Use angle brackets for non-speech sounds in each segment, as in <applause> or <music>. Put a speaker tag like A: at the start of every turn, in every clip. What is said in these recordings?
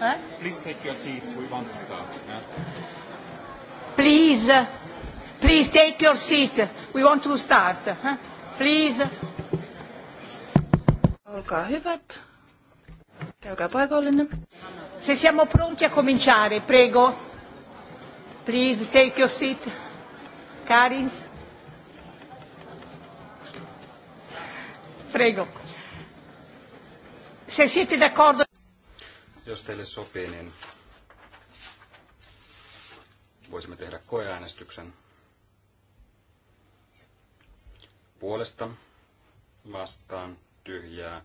A: Eh? Please take your seats. We want to start. Please, please take your seat. We want to start. Eh? Please. Olkaa hyvät. Käykää paikallinen. Se siamo pronti a cominciare, prego. Please take your seat. Karins. Prego. Se siete d'accordo...
B: Jos teille sopii, niin voisimme tehdä koeäänestyksen puolesta vastaan tyhjää.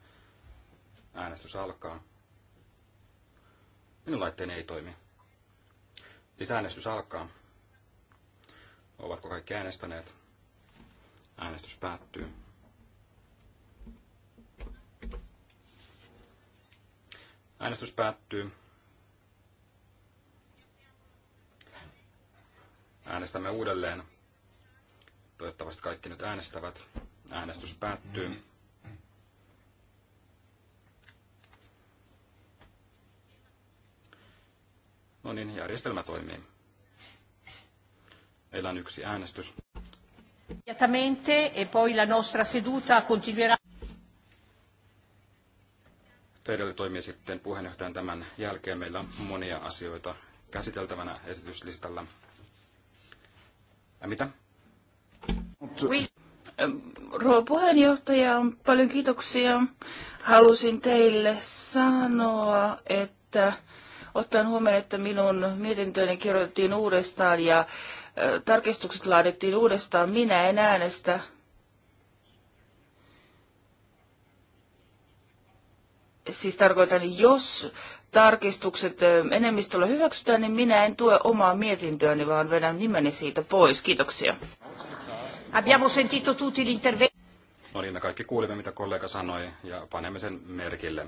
B: Äänestys alkaa. Minun laitteeni ei toimi. Lisäänestys alkaa. Ovatko kaikki äänestäneet? Äänestys päättyy. Äänestys päättyy. Äänestämme uudelleen. Toivottavasti kaikki nyt äänestävät. Äänestys päättyy. No niin, järjestelmä toimii. Meillä on yksi äänestys.
A: Ja e poi la nostra seduta continuerà.
B: Fedeli toimii sitten puheenjohtajan tämän jälkeen. Meillä on monia asioita käsiteltävänä esityslistalla. Ja äh, mitä? Oui. Rouva
A: puheenjohtaja, paljon kiitoksia. Halusin teille sanoa, että ottaen huomioon, että minun mietintöni kirjoitettiin uudestaan ja äh, tarkistukset laadittiin uudestaan, minä en äänestä siis tarkoitan, jos tarkistukset enemmistöllä hyväksytään, niin minä en tue omaa mietintöäni, vaan
B: vedän nimeni siitä pois. Kiitoksia.
A: Abbiamo sentito tutti l'intervento.
B: No niin, me kaikki kuulimme, mitä kollega sanoi, ja panemme sen merkille.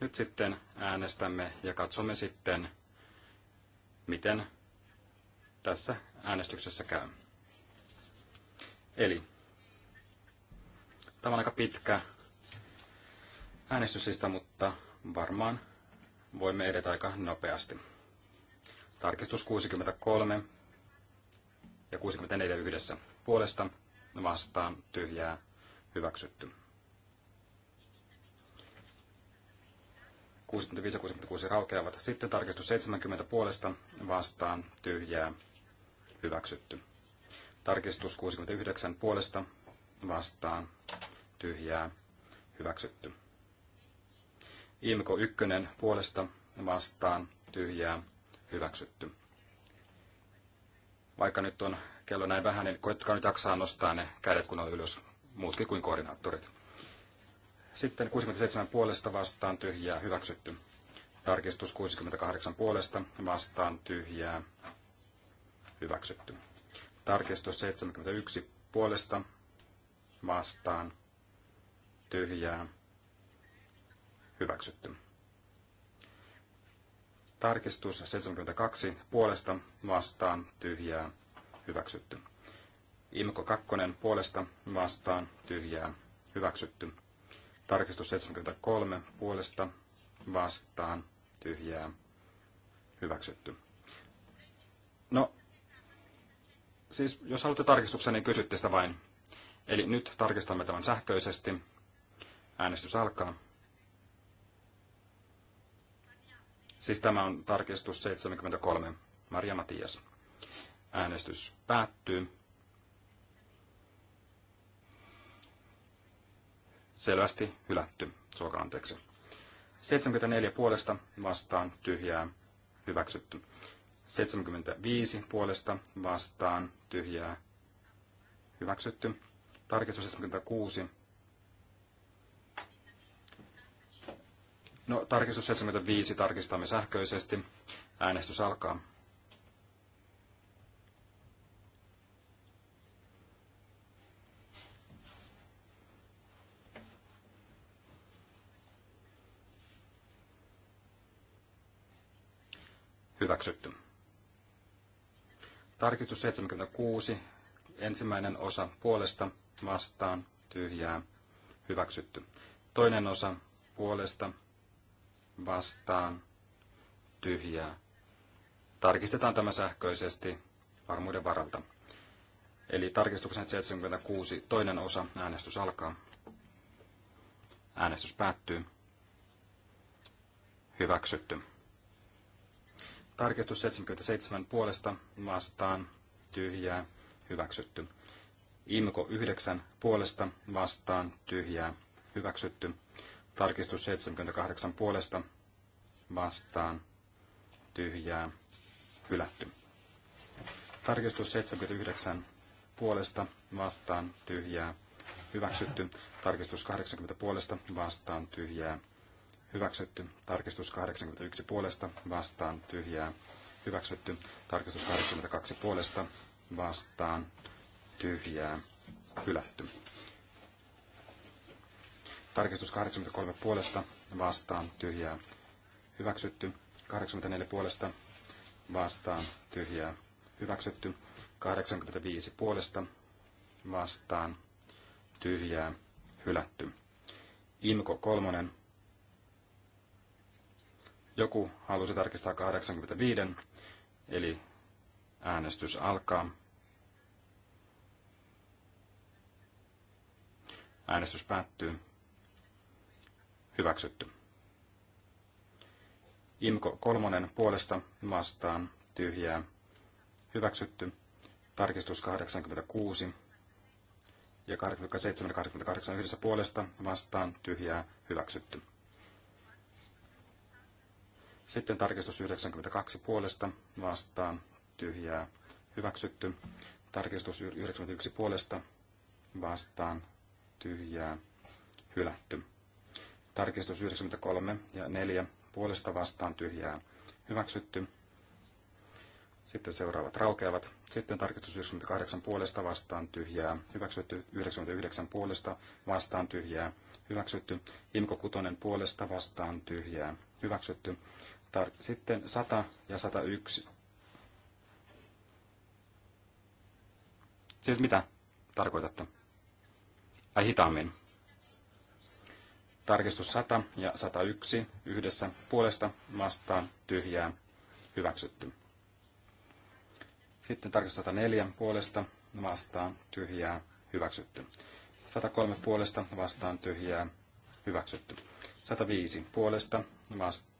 B: Nyt sitten äänestämme ja katsomme sitten, miten tässä äänestyksessä käy. Eli tämä on aika pitkä äänestyslista, mutta varmaan voimme edetä aika nopeasti. Tarkistus 63 ja 64 yhdessä puolesta vastaan tyhjää hyväksytty. 65 ja 66 raukeavat. Sitten tarkistus 70 puolesta vastaan tyhjää hyväksytty. Tarkistus 69 puolesta vastaan tyhjää hyväksytty. Imko ykkönen puolesta vastaan tyhjää hyväksytty. Vaikka nyt on kello näin vähän, niin koettakaa nyt jaksaa nostaa ne kädet kun on ylös, muutkin kuin koordinaattorit. Sitten 67 puolesta vastaan tyhjää hyväksytty. Tarkistus 68 puolesta vastaan tyhjää hyväksytty. Tarkistus 71 puolesta vastaan tyhjää hyväksytty. Tarkistus 72 puolesta vastaan tyhjää hyväksytty. Imko 2 puolesta vastaan tyhjää hyväksytty. Tarkistus 73 puolesta vastaan tyhjää hyväksytty. No, siis jos haluatte tarkistuksen, niin kysytte sitä vain. Eli nyt tarkistamme tämän sähköisesti. Äänestys alkaa. Siis tämä on tarkistus 73. Maria Matias. Äänestys päättyy. Selvästi hylätty. Suokaa anteeksi. 74 puolesta vastaan tyhjää hyväksytty. 75 puolesta vastaan tyhjää hyväksytty. Tarkistus 76 No, tarkistus 75 tarkistamme sähköisesti. Äänestys alkaa. Hyväksytty. Tarkistus 76. Ensimmäinen osa puolesta vastaan tyhjää. Hyväksytty. Toinen osa puolesta vastaan tyhjää. Tarkistetaan tämä sähköisesti varmuuden varalta. Eli tarkistuksen 76 toinen osa äänestys alkaa. Äänestys päättyy. Hyväksytty. Tarkistus 77 puolesta vastaan tyhjää hyväksytty. Imko 9 puolesta vastaan tyhjää hyväksytty. Tarkistus 78 puolesta vastaan tyhjää hylätty. Tarkistus 79 puolesta vastaan tyhjää hyväksytty. Tarkistus 80 puolesta vastaan tyhjää hyväksytty. Tarkistus 81 puolesta vastaan tyhjää hyväksytty. Tarkistus 82 puolesta vastaan tyhjää hylätty. Tarkistus 83 puolesta vastaan tyhjää hyväksytty. 84 puolesta vastaan tyhjää hyväksytty. 85 puolesta vastaan tyhjää hylätty. Imko kolmonen. Joku halusi tarkistaa 85, eli äänestys alkaa. Äänestys päättyy hyväksytty. Imko kolmonen puolesta vastaan tyhjää hyväksytty. Tarkistus 86 ja 87 ja 88 yhdessä puolesta vastaan tyhjää hyväksytty. Sitten tarkistus 92 puolesta vastaan tyhjää hyväksytty. Tarkistus 91 puolesta vastaan tyhjää hylätty. Tarkistus 93 ja 4 puolesta vastaan tyhjää hyväksytty. Sitten seuraavat raukeavat. Sitten tarkistus 98 puolesta vastaan tyhjää. Hyväksytty 99 puolesta vastaan tyhjää. Hyväksytty Imko Kutonen puolesta vastaan tyhjää. Hyväksytty. Tar- Sitten 100 ja 101. Siis mitä tarkoitatte? Ai hitaammin. Tarkistus 100 ja 101 yhdessä puolesta vastaan tyhjää hyväksytty. Sitten tarkistus 104 puolesta vastaan tyhjää hyväksytty. 103 puolesta vastaan tyhjää hyväksytty. 105 puolesta vastaan.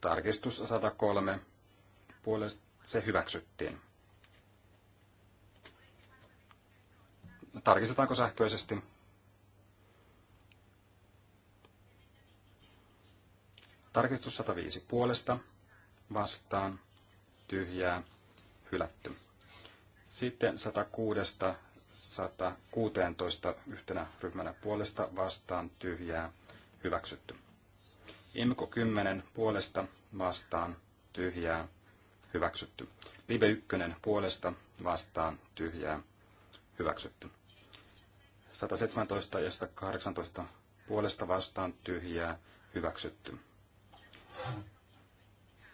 B: Tarkistus 103 puolesta se hyväksyttiin. Tarkistetaanko sähköisesti? Tarkistus 105 puolesta, vastaan, tyhjää, hylätty. Sitten 106 116 yhtenä ryhmänä puolesta, vastaan, tyhjää, hyväksytty. Imko 10 puolesta, vastaan, tyhjää, hyväksytty. Live 1 puolesta, vastaan, tyhjää, hyväksytty. 117 ja 118 puolesta vastaan tyhjää hyväksytty.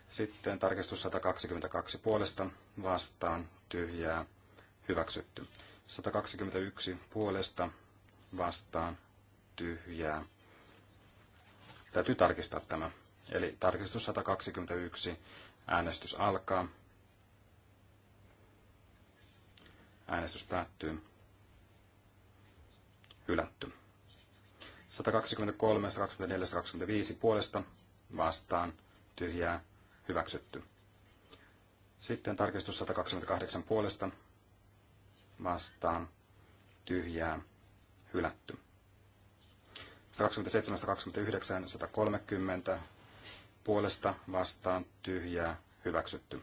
B: Sitten tarkistus 122 puolesta vastaan tyhjää hyväksytty. 121 puolesta vastaan tyhjää. Täytyy tarkistaa tämä. Eli tarkistus 121, äänestys alkaa. Äänestys päättyy hylätty. 123, 124, 125 puolesta vastaan tyhjää hyväksytty. Sitten tarkistus 128 puolesta vastaan tyhjää hylätty. 127, 129, 130 puolesta vastaan tyhjää hyväksytty.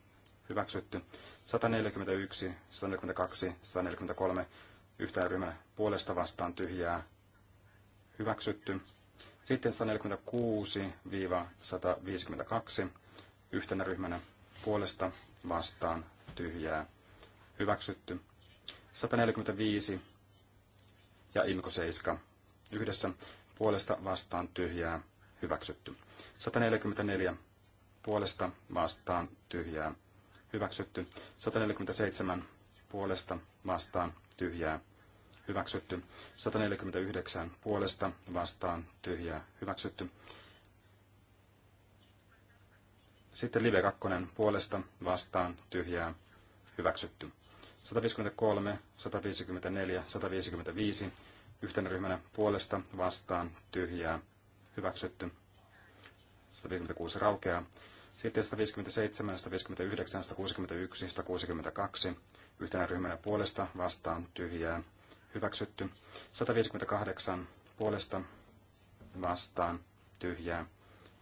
B: hyväksytty. 141, 142, 143 yhtään ryhmänä puolesta vastaan tyhjää hyväksytty. Sitten 146-152 yhtenä ryhmänä puolesta vastaan tyhjää hyväksytty. 145 ja Imko 7 yhdessä puolesta vastaan tyhjää hyväksytty. 144 puolesta vastaan tyhjää hyväksytty. 147 puolesta vastaan tyhjää hyväksytty. 149 puolesta vastaan tyhjää hyväksytty. Sitten Live 2 puolesta vastaan tyhjää hyväksytty. 153, 154, 155 yhtenä ryhmänä puolesta vastaan tyhjää hyväksytty. 156 raukeaa. Sitten 157, 159, 161, 162 yhtenä ryhmänä puolesta vastaan tyhjää hyväksytty. 158 puolesta vastaan tyhjää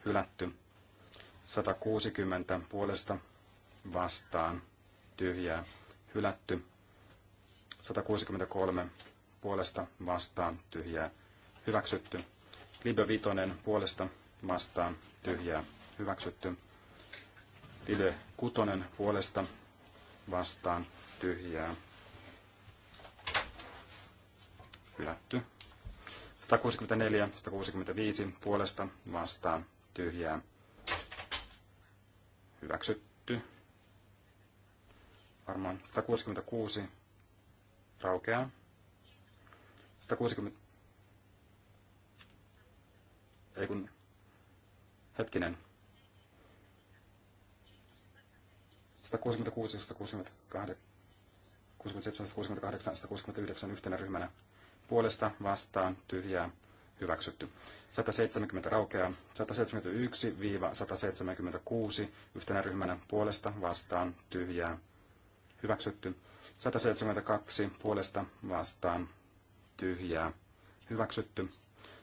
B: hylätty. 160 puolesta vastaan tyhjää hylätty. 163 puolesta vastaan tyhjää hyväksytty. Libe Vitonen puolesta vastaan tyhjää hyväksytty. Live kutonen puolesta vastaan tyhjää. Hylätty. 164, 165 puolesta vastaan tyhjää. Hyväksytty. Varmaan 166 raukeaa. 160. Ei kun. Hetkinen. 166, 167, 168, 169 yhtenä ryhmänä. Puolesta vastaan tyhjää hyväksytty. 170 raukeaa. 171-176 yhtenä ryhmänä puolesta vastaan tyhjää hyväksytty. 172 puolesta vastaan tyhjää hyväksytty.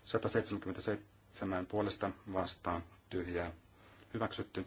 B: 177 puolesta vastaan tyhjää hyväksytty.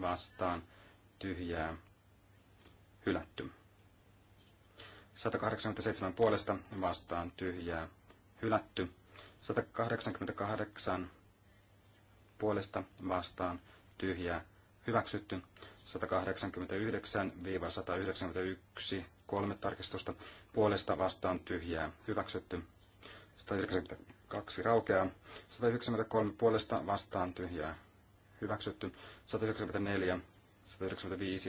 B: vastaan tyhjää hylätty. 187 puolesta vastaan tyhjää hylätty. 188 puolesta vastaan tyhjää hyväksytty. 189-191 kolme tarkistusta puolesta vastaan tyhjää hyväksytty. 192 raukeaa. 193 puolesta vastaan tyhjää hyväksytty. 194, 195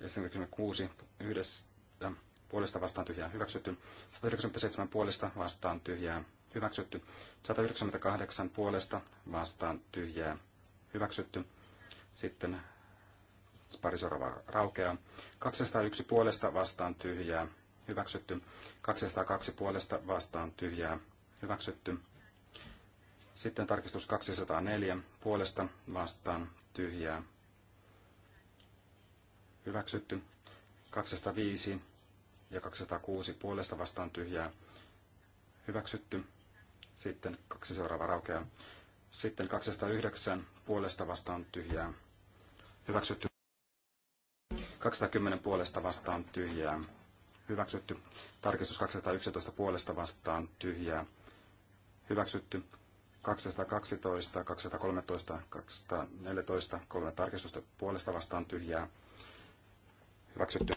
B: ja 196 yhdessä puolesta vastaan tyhjää hyväksytty. 197 puolesta vastaan tyhjää hyväksytty. 198 puolesta vastaan tyhjää hyväksytty. Sitten pari seuraavaa raukeaa. 201 puolesta vastaan tyhjää hyväksytty. 202 puolesta vastaan tyhjää hyväksytty. Sitten tarkistus 204 puolesta vastaan tyhjää. Hyväksytty. 205 ja 206 puolesta vastaan tyhjää. Hyväksytty. Sitten kaksi seuraavaa raukeaa. Sitten 209 puolesta vastaan tyhjää. Hyväksytty. 210 puolesta vastaan tyhjää. Hyväksytty. Tarkistus 211 puolesta vastaan tyhjää. Hyväksytty. 212, 213, 214, kolme tarkistusta puolesta vastaan tyhjää Hyväksytty.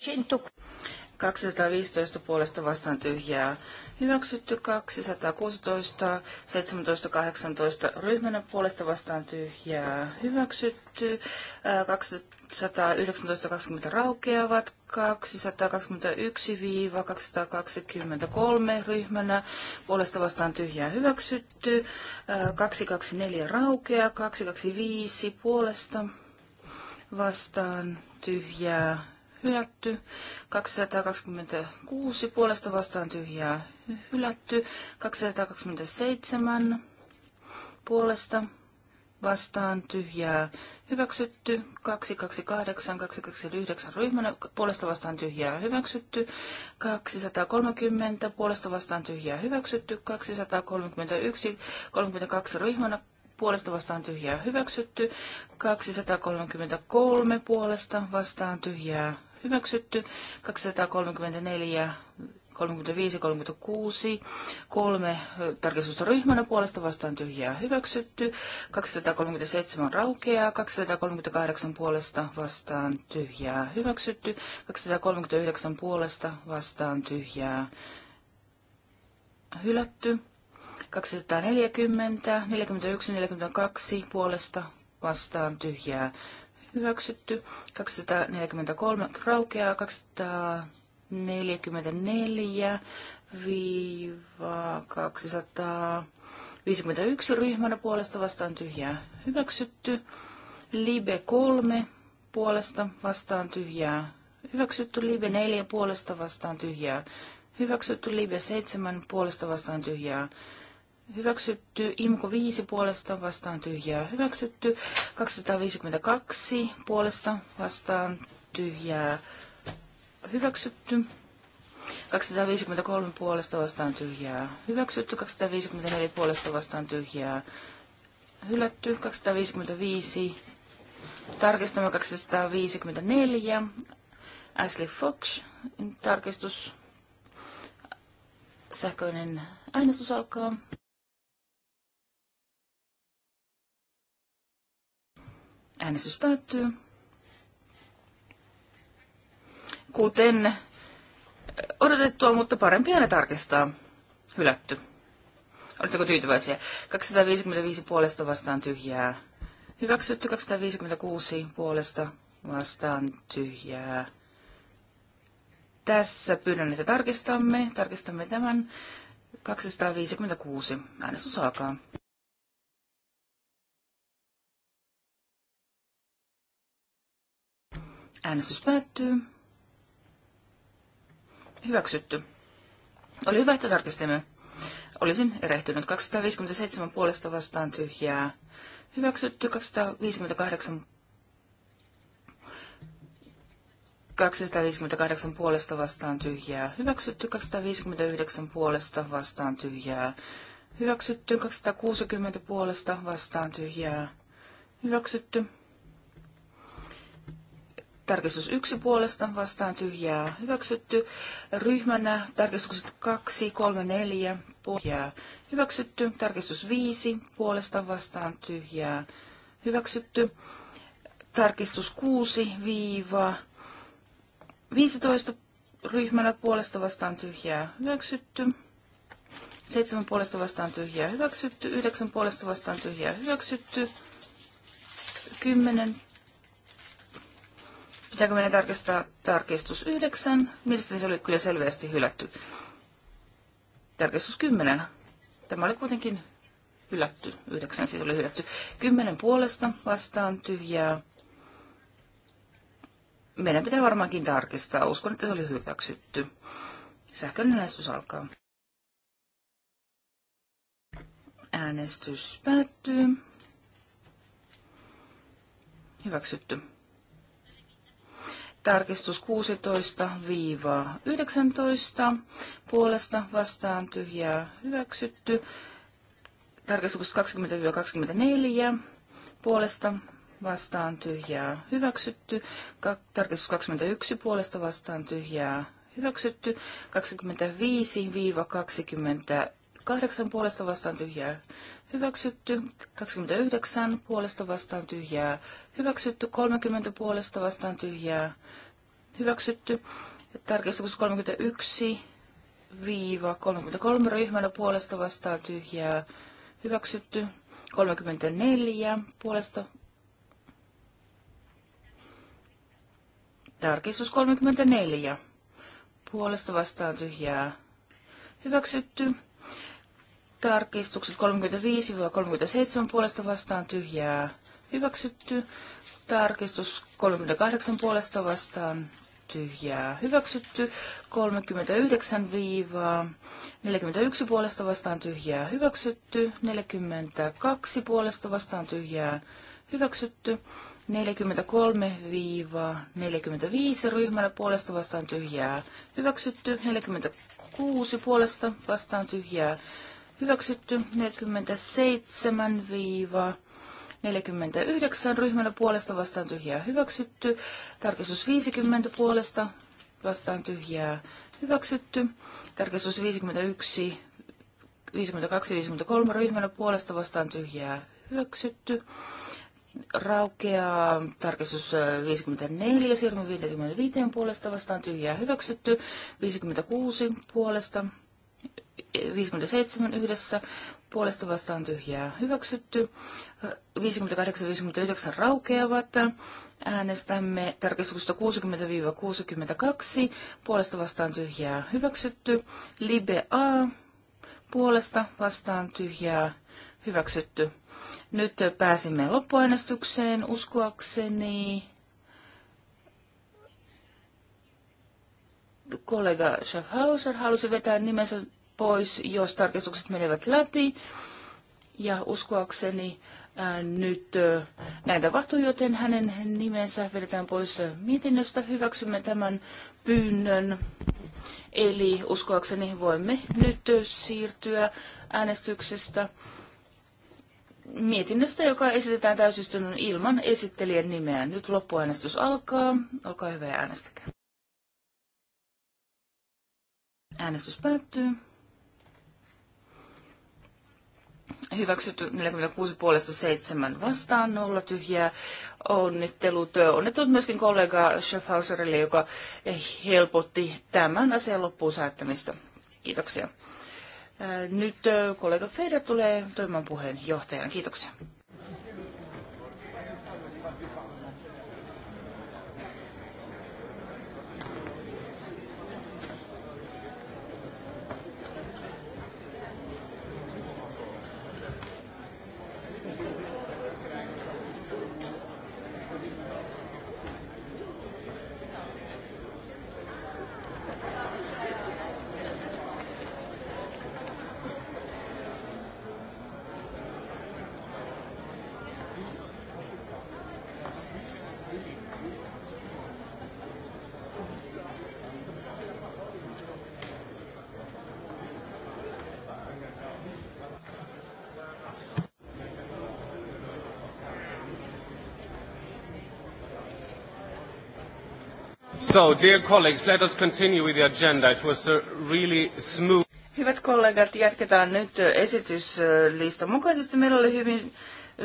B: 215
A: puolesta vastaan tyhjää. Hyväksytty 216, 17, 18 ryhmänä puolesta vastaan tyhjää. Hyväksytty 219, 20 raukeavat 221-223 ryhmänä puolesta vastaan tyhjää hyväksytty. 224 raukea, 225 puolesta vastaan tyhjää hylätty. 226 puolesta vastaan tyhjää hylätty. 227 puolesta vastaan tyhjää hyväksytty. 228, 229 ryhmänä puolesta vastaan tyhjää hyväksytty. 230 puolesta vastaan tyhjää hyväksytty. 231, 32 ryhmänä puolesta vastaan tyhjää hyväksytty, 233 puolesta vastaan tyhjää hyväksytty. 234, 35, 36, kolme tarkistusta ryhmänä puolesta vastaan tyhjää hyväksytty. 237 raukeaa, 238 puolesta vastaan tyhjää hyväksytty. 239 puolesta vastaan tyhjää hylätty. 240, 41, 42 puolesta vastaan tyhjää hyväksytty, 243 raukeaa, 244 viiva 251 ryhmänä puolesta vastaan tyhjää hyväksytty, Libe 3 puolesta vastaan tyhjää hyväksytty, Libe 4 puolesta vastaan tyhjää hyväksytty, Libe 7 puolesta vastaan tyhjää hyväksytty, hyväksytty. Imko 5 puolesta vastaan tyhjää hyväksytty. 252 puolesta vastaan tyhjää hyväksytty. 253 puolesta vastaan tyhjää hyväksytty. 254 puolesta vastaan tyhjää hylätty. 255 Tarkistama 254. Ashley Fox tarkistus sähköinen äänestys alkaa. Äänestys päättyy. Kuten äh, odotettua, mutta parempi aina tarkistaa. Hylätty. Oletteko tyytyväisiä? 255 puolesta vastaan tyhjää. Hyväksytty 256 puolesta vastaan tyhjää. Tässä pyydän, että tarkistamme. Tarkistamme tämän 256 äänestys alkaa. Äänestys päättyy. Hyväksytty. Oli hyvä, että tarkistimme. Olisin erehtynyt. 257 puolesta vastaan tyhjää. Hyväksytty 258 258 puolesta vastaan tyhjää. Hyväksytty 259 puolesta vastaan tyhjää. Hyväksytty 260 puolesta vastaan tyhjää. Hyväksytty Tarkistus yksi puolesta vastaan tyhjää hyväksytty. Ryhmänä tarkistukset 2, 3, 4 tyhjää hyväksytty. Tarkistus 5 puolesta vastaan tyhjää hyväksytty. Tarkistus 6-15 ryhmänä puolesta vastaan tyhjää hyväksytty. 7 puolesta vastaan tyhjää hyväksytty. 9 puolesta vastaan tyhjää hyväksytty. 10 Pitääkö meidän tarkistaa tarkistus 9? Mielestäni se oli kyllä selvästi hylätty. Tarkistus 10. Tämä oli kuitenkin hylätty. 9 siis oli hylätty. 10 puolesta vastaan tyhjää. Meidän pitää varmaankin tarkistaa. Uskon, että se oli hyväksytty. Sähköinen äänestys alkaa. Äänestys päättyy. Hyväksytty. Tarkistus 16-19 puolesta vastaan tyhjää hyväksytty. Tarkistus 20-24 puolesta vastaan tyhjää hyväksytty. Tarkistus 21 puolesta vastaan tyhjää hyväksytty. 25-28 puolesta vastaan tyhjää hyväksytty, 29 puolesta vastaan tyhjää, hyväksytty, 30 puolesta vastaan tyhjää, hyväksytty, tarkistus 31 viiva 33 ryhmänä puolesta vastaan tyhjää, hyväksytty, 34 puolesta Tarkistus 34. Puolesta vastaan tyhjää. Hyväksytty. Tarkistukset 35-37 puolesta vastaan tyhjää hyväksytty. Tarkistus 38 puolesta vastaan tyhjää hyväksytty. 39-41 puolesta vastaan tyhjää hyväksytty. 42 puolesta vastaan tyhjää hyväksytty. 43-45 ryhmänä puolesta vastaan tyhjää hyväksytty. 46 puolesta vastaan tyhjää hyväksytty 47-49 ryhmällä puolesta vastaan tyhjää hyväksytty, tarkistus 50 puolesta vastaan tyhjää hyväksytty, tarkistus 51, 52, 53 ryhmällä puolesta vastaan tyhjää hyväksytty, raukea tarkistus 54, siirrymme 55 puolesta vastaan tyhjää hyväksytty, 56 puolesta 57 yhdessä puolesta vastaan tyhjää hyväksytty. 58-59 raukeavat. Äänestämme tarkistuksesta 60-62 puolesta vastaan tyhjää hyväksytty. Libe A puolesta vastaan tyhjää hyväksytty. Nyt pääsimme loppuäänestykseen uskoakseni. Kollega Schaffhauser halusi vetää nimensä pois, jos tarkistukset menevät läpi. Ja uskoakseni ää, nyt ää, näin tapahtuu, joten hänen nimensä vedetään pois mietinnöstä. Hyväksymme tämän pyynnön. Eli uskoakseni voimme nyt siirtyä äänestyksestä mietinnöstä, joka esitetään täysistunnon ilman esittelijän nimeä. Nyt loppuäänestys alkaa. Olkaa hyvä ja äänestäkää. Äänestys päättyy. hyväksytty 46 puolesta 7 vastaan, nolla tyhjää. Onnittelut. Onnittelut myöskin kollega Schaffhauserille, joka helpotti tämän asian loppuun saattamista. Kiitoksia. Äh, nyt äh, kollega Feder tulee toimimaan puheenjohtajana. Kiitoksia.
C: So, dear colleagues, let us continue with the agenda. It was a really smooth...
A: Hyvät kollegat, jatketaan nyt esityslistan mukaisesti. Meillä oli hyvin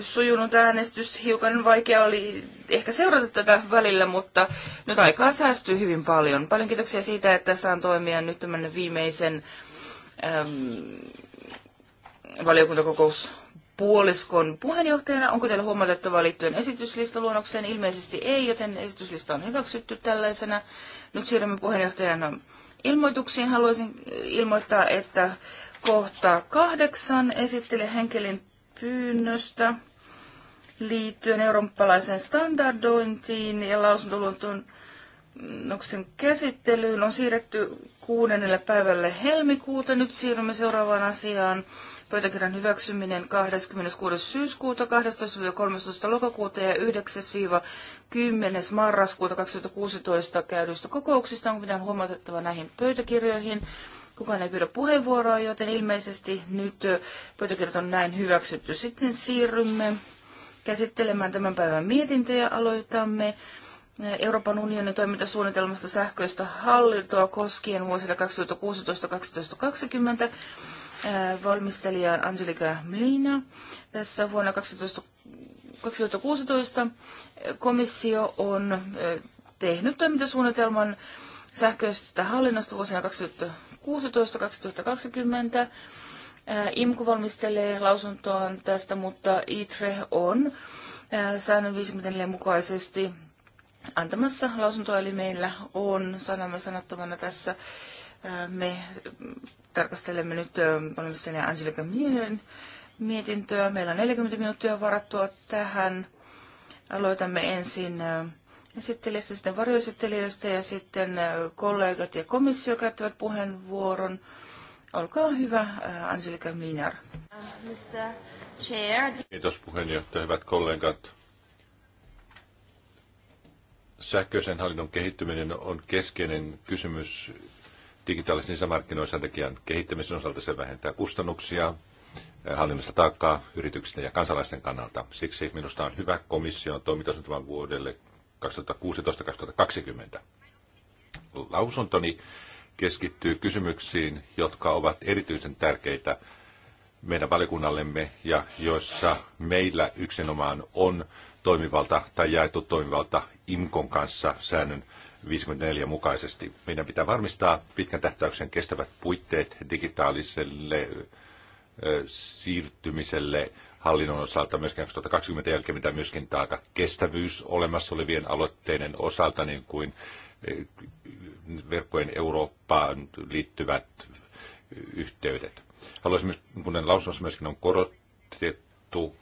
A: sujunut äänestys. Hiukan vaikea oli ehkä seurata tätä välillä, mutta nyt aikaa säästyy hyvin paljon. Paljon kiitoksia siitä, että saan toimia nyt tämän viimeisen äm, valiokuntakokous puoliskon puheenjohtajana. Onko teillä huomautettavaa liittyen esityslistaluonnokseen? Ilmeisesti ei, joten esityslista on hyväksytty tällaisena. Nyt siirrymme puheenjohtajan ilmoituksiin. Haluaisin ilmoittaa, että kohta kahdeksan esitteli henkelin pyynnöstä liittyen eurooppalaiseen standardointiin ja lausuntoluonnoksen käsittelyyn on siirretty kuudennelle päivälle helmikuuta. Nyt siirrymme seuraavaan asiaan. Pöytäkirjan hyväksyminen 26. syyskuuta, 12-13. lokakuuta ja 9-10. marraskuuta 2016 käydyistä kokouksista. Onko mitään huomautettava näihin pöytäkirjoihin? Kukaan ei pyydä puheenvuoroa, joten ilmeisesti nyt pöytäkirjat on näin hyväksytty. Sitten siirrymme käsittelemään tämän päivän mietintöjä. Aloitamme Euroopan unionin toimintasuunnitelmasta sähköistä hallintoa koskien vuosille 2016-2020. Äh, valmistelija Angelika Mlina. Tässä vuonna 12, 2016 komissio on äh, tehnyt toimintasuunnitelman sähköisestä hallinnosta vuosina 2016-2020. Äh, IMKU valmistelee lausuntoaan tästä, mutta ITRE on säännön 54 mukaisesti antamassa lausuntoa, eli meillä on sanamme sanottavana tässä. Me tarkastelemme nyt ja Angelika Mielen mietintöä. Meillä on 40 minuuttia varattua tähän. Aloitamme ensin esittelijästä, sitten varjoesittelijöistä ja sitten kollegat ja komissio käyttävät puheenvuoron. Olkaa hyvä, Angelika Minar.
D: Kiitos puheenjohtaja, hyvät kollegat. Sähköisen hallinnon kehittyminen on keskeinen kysymys digitaalisen sisämarkkinoiden tekijän kehittämisen osalta se vähentää kustannuksia, eh, hallinnollista taakkaa yritysten ja kansalaisten kannalta. Siksi minusta on hyvä komission toimintasuunnitelman vuodelle 2016-2020. Lausuntoni keskittyy kysymyksiin, jotka ovat erityisen tärkeitä meidän valikunnallemme ja joissa meillä yksinomaan on toimivalta tai jaettu toimivalta IMKON kanssa säännön 54 mukaisesti. Meidän pitää varmistaa pitkän tähtäyksen kestävät puitteet digitaaliselle siirtymiselle hallinnon osalta myöskin 2020 jälkeen, mitä myöskin taata kestävyys olemassa olevien aloitteiden osalta, niin kuin verkkojen Eurooppaan liittyvät yhteydet. Haluaisin myös, kun lausunnossa myöskin on korotettu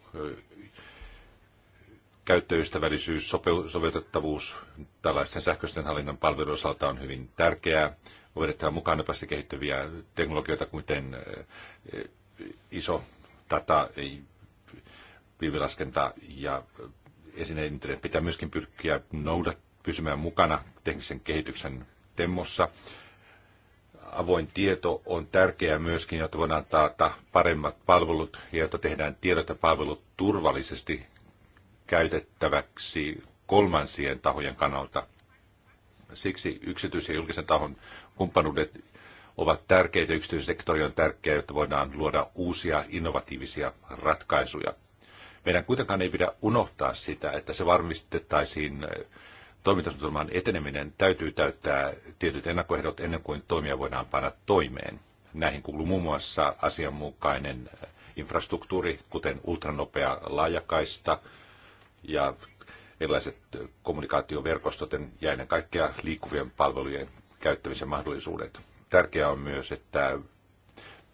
D: käyttäjäystävällisyys, sopeutettavuus tällaisten sähköisten hallinnan palveluiden osalta on hyvin tärkeää. On vedettävä mukaan nopeasti kehittyviä teknologioita, kuten eh, iso data, pilvilaskenta ja esineen internet. Pitää myöskin pyrkiä noudat, pysymään mukana teknisen kehityksen temmossa. Avoin tieto on tärkeää myöskin, jotta voidaan taata paremmat palvelut ja jotta tehdään tiedot ja palvelut turvallisesti käytettäväksi kolmansien tahojen kannalta. Siksi yksityisen ja julkisen tahon kumppanuudet ovat tärkeitä, yksityisen sektori on tärkeä, jotta voidaan luoda uusia innovatiivisia ratkaisuja. Meidän kuitenkaan ei pidä unohtaa sitä, että se varmistettaisiin äh, toimintasuunnitelman eteneminen täytyy täyttää tietyt ennakkoehdot ennen kuin toimia voidaan panna toimeen. Näihin kuuluu muun muassa asianmukainen äh, infrastruktuuri, kuten ultranopea laajakaista, ja erilaiset kommunikaatioverkostot ja ennen kaikkea liikkuvien palvelujen käyttämisen mahdollisuudet. Tärkeää on myös, että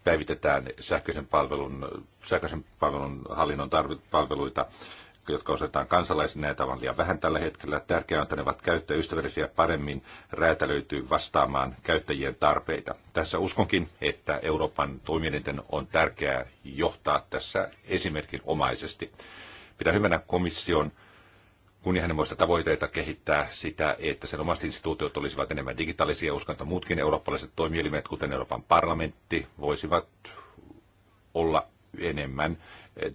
D: päivitetään sähköisen palvelun, sähköisen palvelun hallinnon palveluita, jotka osoitetaan kansalaisille näitä on liian vähän tällä hetkellä. Tärkeää on, että ne ovat käyttäjäystävällisiä paremmin räätälöityy vastaamaan käyttäjien tarpeita. Tässä uskonkin, että Euroopan toimielinten on tärkeää johtaa tässä esimerkin omaisesti. Pidän hyvänä komission kunnianhimoista tavoitteita kehittää sitä, että sen omat instituutiot olisivat enemmän digitaalisia. Uskon, että muutkin eurooppalaiset toimielimet, kuten Euroopan parlamentti, voisivat olla enemmän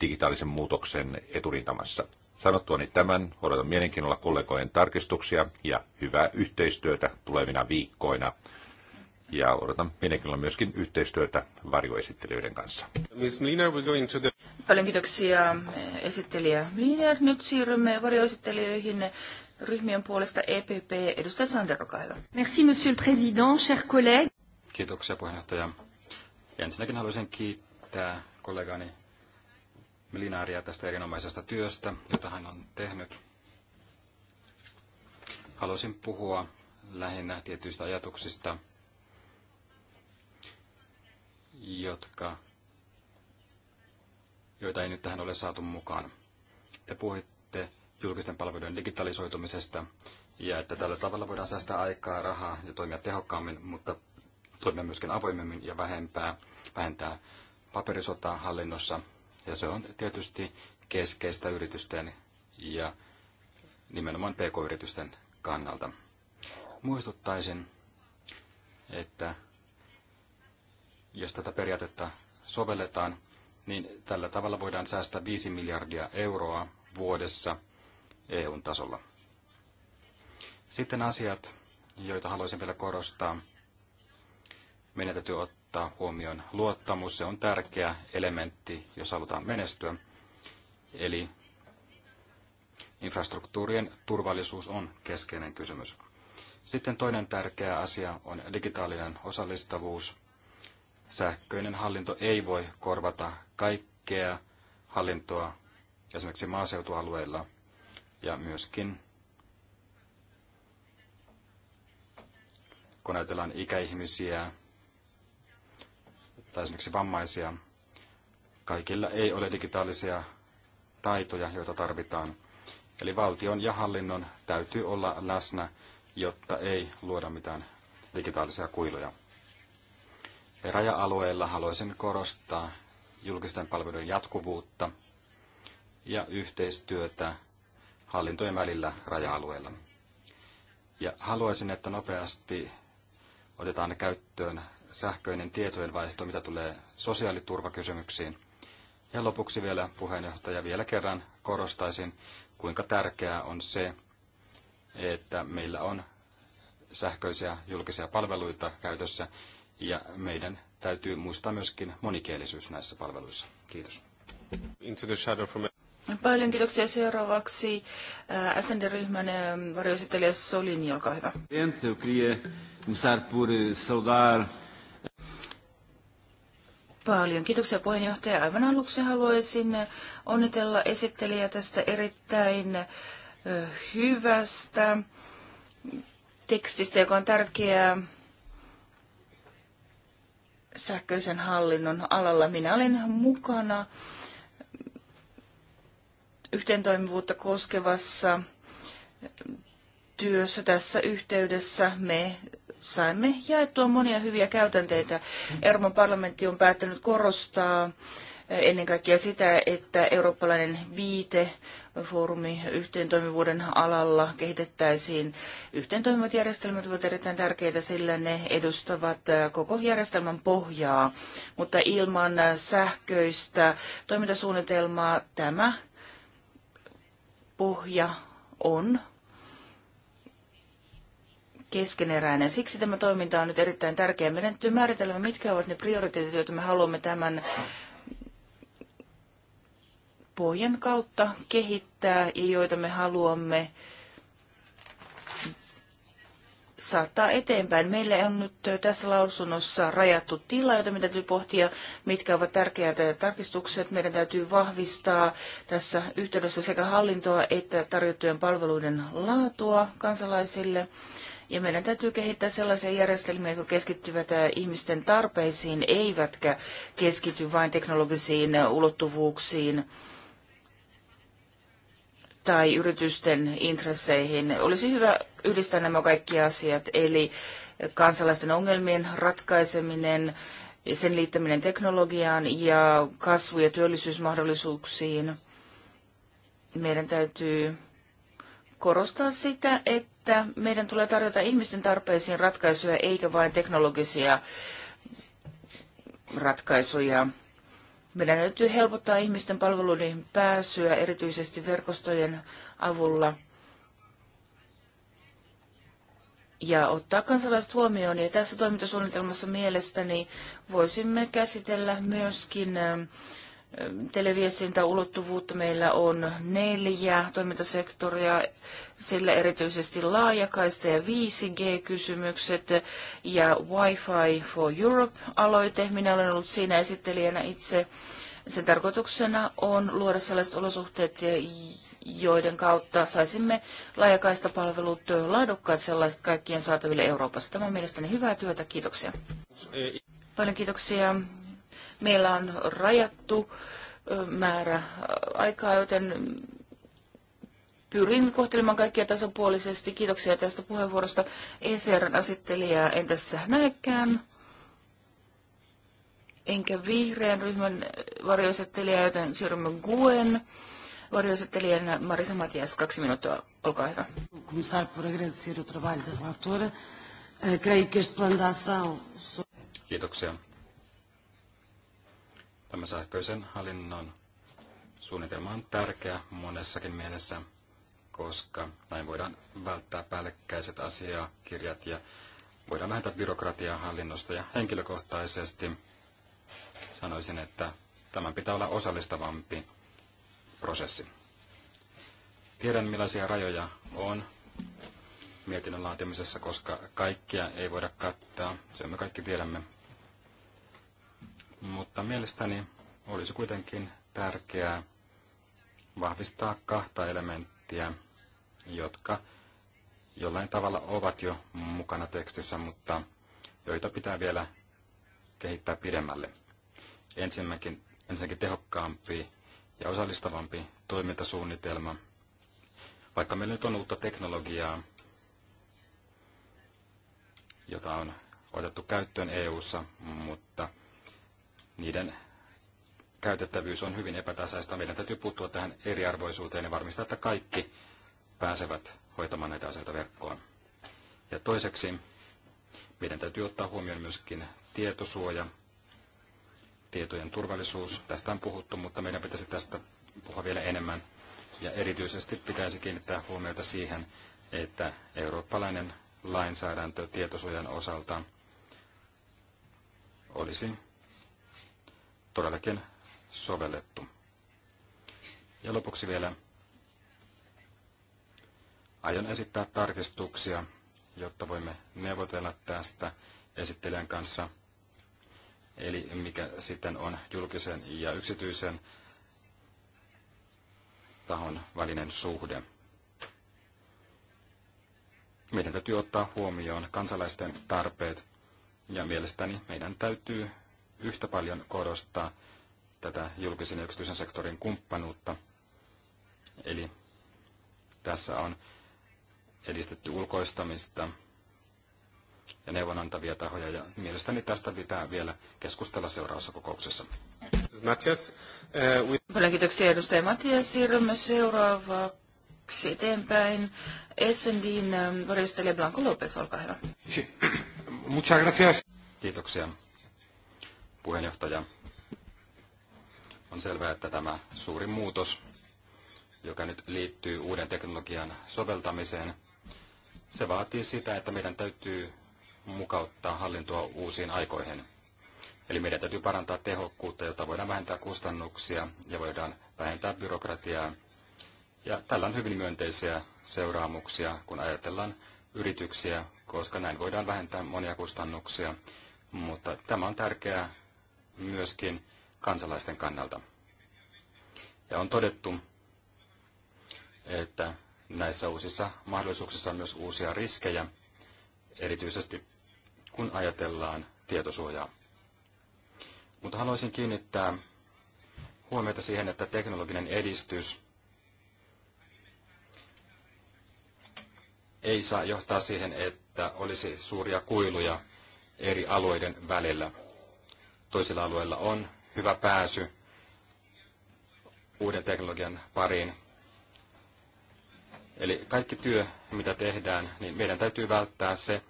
D: digitaalisen muutoksen eturintamassa. Sanottuani tämän, odotan mielenkiinnolla kollegojen tarkistuksia ja hyvää yhteistyötä tulevina viikkoina ja odotan mielenkiinnolla myöskin yhteistyötä varjoesittelijöiden kanssa.
A: Paljon kiitoksia esittelijä Miner. Nyt siirrymme varjoesittelijöihin ryhmien puolesta EPP. Edustaja Sander, olkaa hyvä.
B: Merci, monsieur le président, cher collègue. Kiitoksia puheenjohtaja. Ensinnäkin haluaisin kiittää kollegani Melinaaria tästä erinomaisesta työstä, jota hän on tehnyt. Haluaisin puhua lähinnä tietyistä ajatuksista, jotka, joita ei nyt tähän ole saatu mukaan. Te puhuitte julkisten palveluiden digitalisoitumisesta ja että tällä tavalla voidaan säästää aikaa, rahaa ja toimia tehokkaammin, mutta toimia myöskin avoimemmin ja vähempää, vähentää paperisotaa hallinnossa. Ja se on tietysti keskeistä yritysten ja nimenomaan pk-yritysten kannalta. Muistuttaisin, että jos tätä periaatetta sovelletaan, niin tällä tavalla voidaan säästää 5 miljardia euroa vuodessa EUn tasolla. Sitten asiat, joita haluaisin vielä korostaa. Meidän täytyy ottaa huomioon luottamus. Se on tärkeä elementti, jos halutaan menestyä. Eli infrastruktuurien turvallisuus on keskeinen kysymys. Sitten toinen tärkeä asia on digitaalinen osallistavuus – sähköinen hallinto ei voi korvata kaikkea hallintoa esimerkiksi maaseutualueilla ja myöskin kun ajatellaan ikäihmisiä tai esimerkiksi vammaisia, kaikilla ei ole digitaalisia taitoja, joita tarvitaan. Eli valtion ja hallinnon täytyy olla läsnä, jotta ei luoda mitään digitaalisia kuiluja raja-alueilla haluaisin korostaa julkisten palveluiden jatkuvuutta ja yhteistyötä hallintojen välillä raja-alueilla. Ja haluaisin, että nopeasti otetaan käyttöön sähköinen tietojenvaihto, mitä tulee sosiaaliturvakysymyksiin. Ja lopuksi vielä puheenjohtaja vielä kerran korostaisin, kuinka tärkeää on se, että meillä on sähköisiä julkisia palveluita käytössä ja meidän täytyy muistaa myöskin monikielisyys näissä palveluissa. Kiitos. Into the shadow from...
A: Paljon kiitoksia seuraavaksi. Äh, SND-ryhmän ähm, varjoesittelijä Solini, olkaa hyvä.
C: Eh,
A: Paljon kiitoksia puheenjohtaja. Aivan aluksi haluaisin onnitella esittelijä tästä erittäin äh, hyvästä tekstistä, joka on tärkeää sähköisen hallinnon alalla. Minä olin mukana yhteentoimivuutta koskevassa työssä tässä yhteydessä. Me saimme jaettua monia hyviä käytänteitä. Euroopan parlamentti on päättänyt korostaa ennen kaikkea sitä, että eurooppalainen viite foorumi yhteentoimivuuden alalla kehitettäisiin. Yhteentoimivat järjestelmät ovat erittäin tärkeitä, sillä ne edustavat äh, koko järjestelmän pohjaa, mutta ilman sähköistä toimintasuunnitelmaa tämä pohja on keskeneräinen. Siksi tämä toiminta on nyt erittäin tärkeää. Meidän täytyy määritellä, mitkä ovat ne prioriteetit, joita me haluamme tämän pohjan kautta kehittää ja joita me haluamme saattaa eteenpäin. Meillä on nyt tässä lausunnossa rajattu tila, jota meidän täytyy pohtia, mitkä ovat tärkeät tarkistukset. Meidän täytyy vahvistaa tässä yhteydessä sekä hallintoa että tarjottujen palveluiden laatua kansalaisille. Ja meidän täytyy kehittää sellaisia järjestelmiä, jotka keskittyvät ihmisten tarpeisiin, eivätkä keskity vain teknologisiin ulottuvuuksiin tai yritysten intresseihin. Olisi hyvä yhdistää nämä kaikki asiat, eli kansalaisten ongelmien ratkaiseminen, sen liittäminen teknologiaan ja kasvu- ja työllisyysmahdollisuuksiin. Meidän täytyy korostaa sitä, että meidän tulee tarjota ihmisten tarpeisiin ratkaisuja eikä vain teknologisia ratkaisuja. Meidän täytyy helpottaa ihmisten palveluiden pääsyä erityisesti verkostojen avulla ja ottaa kansalaiset huomioon. Ja tässä toimintasuunnitelmassa mielestäni voisimme käsitellä myöskin ähm, televiestintäulottuvuutta meillä on neljä toimintasektoria, sillä erityisesti laajakaista ja 5G-kysymykset ja Wi-Fi for Europe-aloite. Minä olen ollut siinä esittelijänä itse. Sen tarkoituksena on luoda sellaiset olosuhteet, joiden kautta saisimme laajakaista palvelut laadukkaat sellaiset kaikkien saataville Euroopassa. Tämä on mielestäni hyvää työtä. Kiitoksia. Paljon kiitoksia Meillä on rajattu määrä aikaa, joten pyrin kohtelemaan kaikkia tasapuolisesti. Kiitoksia tästä puheenvuorosta. ECRn asettelijaa en tässä näekään. Enkä vihreän ryhmän varjoasettelijaa, joten siirrymme Guen varjoasettelijän Marisa Matias. Kaksi minuuttia, olkaa hyvä.
B: Kiitoksia. Tämä sähköisen hallinnon suunnitelma on tärkeä monessakin mielessä, koska näin voidaan välttää päällekkäiset asiakirjat ja voidaan vähentää byrokratiaa hallinnosta ja henkilökohtaisesti sanoisin, että tämän pitää olla osallistavampi prosessi. Tiedän millaisia rajoja on mietinnön laatimisessa, koska kaikkia ei voida kattaa, Se me kaikki tiedämme. Mutta mielestäni olisi kuitenkin tärkeää vahvistaa kahta elementtiä, jotka jollain tavalla ovat jo mukana tekstissä, mutta joita pitää vielä kehittää pidemmälle. Ensinnäkin, ensinnäkin tehokkaampi ja osallistavampi toimintasuunnitelma. Vaikka meillä nyt on uutta teknologiaa, jota on otettu käyttöön EU:ssa, mutta niiden käytettävyys on hyvin epätasaista. Meidän täytyy puuttua tähän eriarvoisuuteen ja varmistaa, että kaikki pääsevät hoitamaan näitä asioita verkkoon. Ja toiseksi meidän täytyy ottaa huomioon myöskin tietosuoja, tietojen turvallisuus. Tästä on puhuttu, mutta meidän pitäisi tästä puhua vielä enemmän. Ja erityisesti pitäisi kiinnittää huomiota siihen, että eurooppalainen lainsäädäntö tietosuojan osalta olisi todellakin sovellettu. Ja lopuksi vielä aion esittää tarkistuksia, jotta voimme neuvotella tästä esittelijän kanssa, eli mikä sitten on julkisen ja yksityisen tahon välinen suhde. Meidän täytyy ottaa huomioon kansalaisten tarpeet ja mielestäni meidän täytyy yhtä paljon korostaa tätä julkisen ja yksityisen sektorin kumppanuutta. Eli tässä on edistetty ulkoistamista ja neuvonantavia tahoja, ja mielestäni tästä pitää vielä keskustella seuraavassa kokouksessa. Matias, uh, we...
A: Paljon kiitoksia edustaja Matias. Siirrymme seuraavaksi eteenpäin. Essendin eh, varjostelija Blanco Lopez, olkaa hyvä.
B: <clears throat> Muchas gracias. Kiitoksia puheenjohtaja. On selvää, että tämä suuri muutos, joka nyt liittyy uuden teknologian soveltamiseen, se vaatii sitä, että meidän täytyy mukauttaa hallintoa uusiin aikoihin. Eli meidän täytyy parantaa tehokkuutta, jota voidaan vähentää kustannuksia ja voidaan vähentää byrokratiaa. Ja tällä on hyvin myönteisiä seuraamuksia, kun ajatellaan yrityksiä, koska näin voidaan vähentää monia kustannuksia. Mutta tämä on tärkeää myöskin kansalaisten kannalta. Ja on todettu, että näissä uusissa mahdollisuuksissa on myös uusia riskejä, erityisesti kun ajatellaan tietosuojaa. Mutta haluaisin kiinnittää huomiota siihen, että teknologinen edistys ei saa johtaa siihen, että olisi suuria kuiluja eri alueiden välillä toisilla alueilla on hyvä pääsy uuden teknologian pariin. Eli kaikki työ, mitä tehdään, niin meidän täytyy välttää se,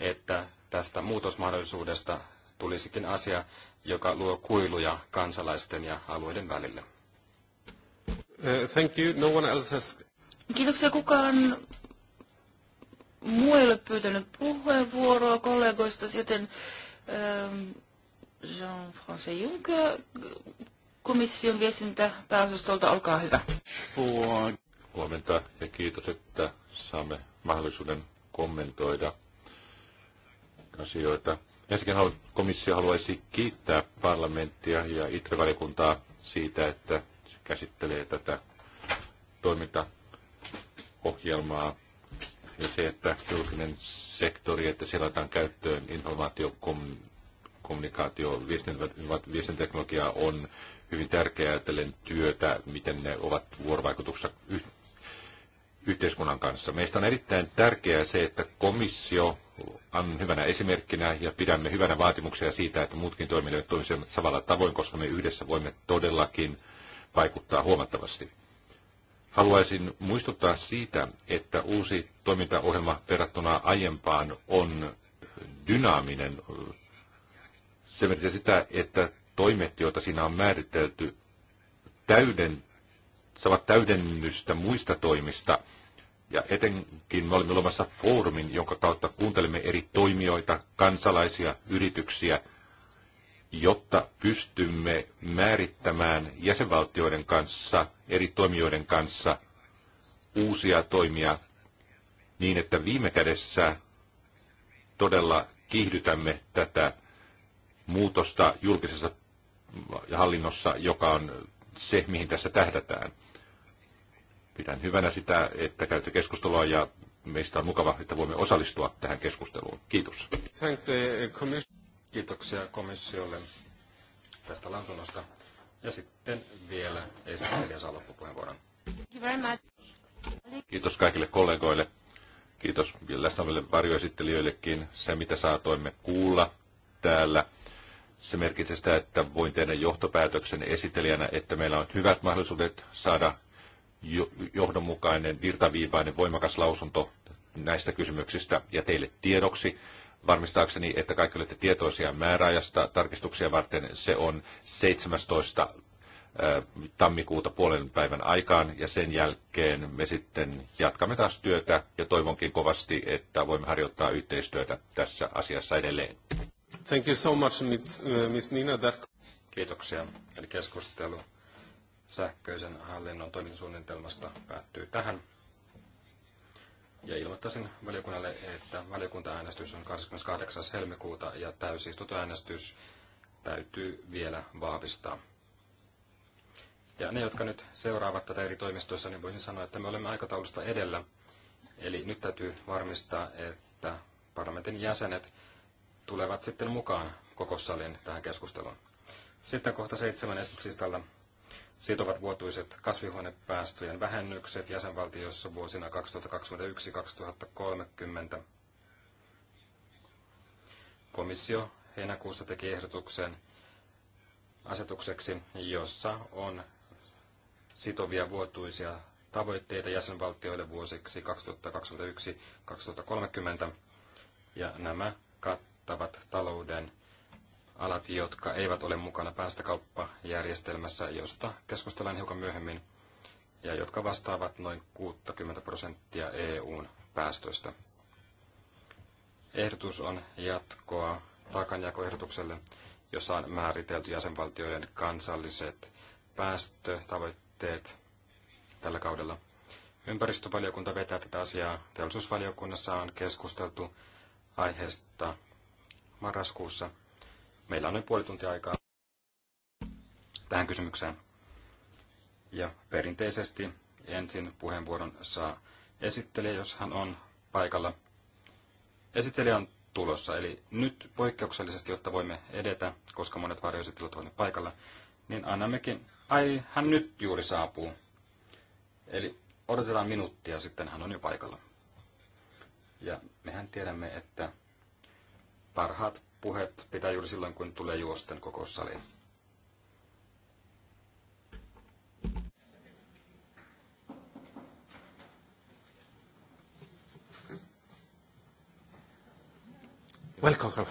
B: että tästä muutosmahdollisuudesta tulisikin asia, joka luo kuiluja kansalaisten ja alueiden välille.
C: Uh, thank you. No one else has...
A: Kiitoksia. Kukaan muu ei ole pyytänyt puheenvuoroa kollegoista, joten ähm, Jean-François Juncker komission viestintäpääosastolta, olkaa hyvä.
D: Huomenta ja kiitos, että saamme mahdollisuuden kommentoida asioita. Ensinnäkin komissio haluaisi kiittää parlamenttia ja itre siitä, että se käsittelee tätä toimintaohjelmaa ja se, että julkinen sektori, että siellä otetaan käyttöön informaatiokom kommunikaatio, viestintäteknologia on hyvin tärkeää ajatellen työtä, miten ne ovat vuorovaikutuksessa yh- yhteiskunnan kanssa. Meistä on erittäin tärkeää se, että komissio on hyvänä esimerkkinä ja pidämme hyvänä vaatimuksia siitä, että muutkin toimijat toimisivat samalla tavoin, koska me yhdessä voimme todellakin vaikuttaa huomattavasti. Haluaisin muistuttaa siitä, että uusi toimintaohjelma verrattuna aiempaan on dynaaminen se merkitsee sitä, että toimet, joita siinä on määritelty, täyden, saavat täydennystä muista toimista. Ja etenkin me olemme olemassa foorumin, jonka kautta kuuntelemme eri toimijoita, kansalaisia, yrityksiä, jotta pystymme määrittämään jäsenvaltioiden kanssa, eri toimijoiden kanssa uusia toimia niin, että viime kädessä todella kiihdytämme tätä muutosta julkisessa ja hallinnossa, joka on se, mihin tässä tähdätään. Pidän hyvänä sitä, että käytte keskustelua ja meistä on mukava, että voimme osallistua tähän keskusteluun. Kiitos.
B: Kiitoksia komissiolle tästä lausunnosta. Ja sitten vielä esittelijä saa loppupuheenvuoron.
D: Kiitos kaikille kollegoille. Kiitos läsnäoleville varjoesittelijöillekin. Se, mitä saatoimme kuulla täällä, se merkitsee sitä, että voin tehdä johtopäätöksen esittelijänä, että meillä on hyvät mahdollisuudet saada johdonmukainen, virtaviivainen, voimakas lausunto näistä kysymyksistä ja teille tiedoksi. Varmistaakseni, että kaikki olette tietoisia määräajasta tarkistuksia varten, se on 17 äh, tammikuuta puolen päivän aikaan ja sen jälkeen me sitten jatkamme taas työtä ja toivonkin kovasti, että voimme harjoittaa yhteistyötä tässä asiassa edelleen. Thank you so much, uh, Miss Nina. That... Kiitoksia. Eli keskustelu sähköisen hallinnon
B: toimintasuunnitelmasta päättyy tähän. Ja ilmoittaisin valiokunnalle, että valiokuntaäänestys on 28. helmikuuta ja täysistuntoäänestys täytyy vielä vahvistaa. Ja ne, jotka nyt seuraavat tätä eri toimistoissa, niin voisin sanoa, että me olemme aikataulusta edellä. Eli nyt täytyy varmistaa, että parlamentin jäsenet tulevat sitten mukaan koko salin tähän keskusteluun. Sitten kohta seitsemän esityslistalla sitovat vuotuiset kasvihuonepäästöjen vähennykset jäsenvaltioissa vuosina 2021-2030. Komissio heinäkuussa teki ehdotuksen asetukseksi, jossa on sitovia vuotuisia tavoitteita jäsenvaltioille vuosiksi 2021-2030, ja nämä kattavat kattavat talouden alat, jotka eivät ole mukana päästökauppajärjestelmässä, josta keskustellaan hiukan myöhemmin, ja jotka vastaavat noin 60 prosenttia EUn päästöistä. Ehdotus on jatkoa taakanjakoehdotukselle, jossa on määritelty jäsenvaltioiden kansalliset päästötavoitteet tällä kaudella. Ympäristövaliokunta vetää tätä asiaa. Teollisuusvaliokunnassa on keskusteltu aiheesta marraskuussa. Meillä on noin puoli tuntia aikaa tähän kysymykseen. Ja perinteisesti ensin puheenvuoron saa esittelijä, jos hän on paikalla. Esittelijä on tulossa, eli nyt poikkeuksellisesti, jotta voimme edetä, koska monet varjoesittelut ovat paikalla, niin annammekin, ai hän nyt juuri saapuu. Eli odotetaan minuuttia, sitten hän on jo paikalla. Ja mehän tiedämme, että parhaat puheet pitää juuri silloin, kun tulee juosten saliin.
C: Welcome.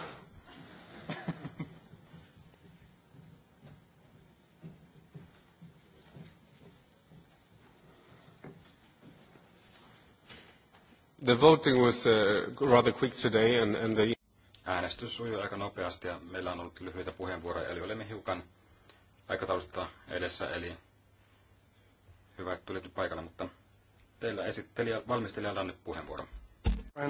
C: The voting was uh,
B: rather quick today and, and the Äänestys sujui aika nopeasti ja meillä on ollut lyhyitä puheenvuoroja, eli olemme hiukan aikataulusta edessä, eli hyvä, että tulitte paikalle, mutta teillä esittelijä, valmistelijalla on nyt puheenvuoro.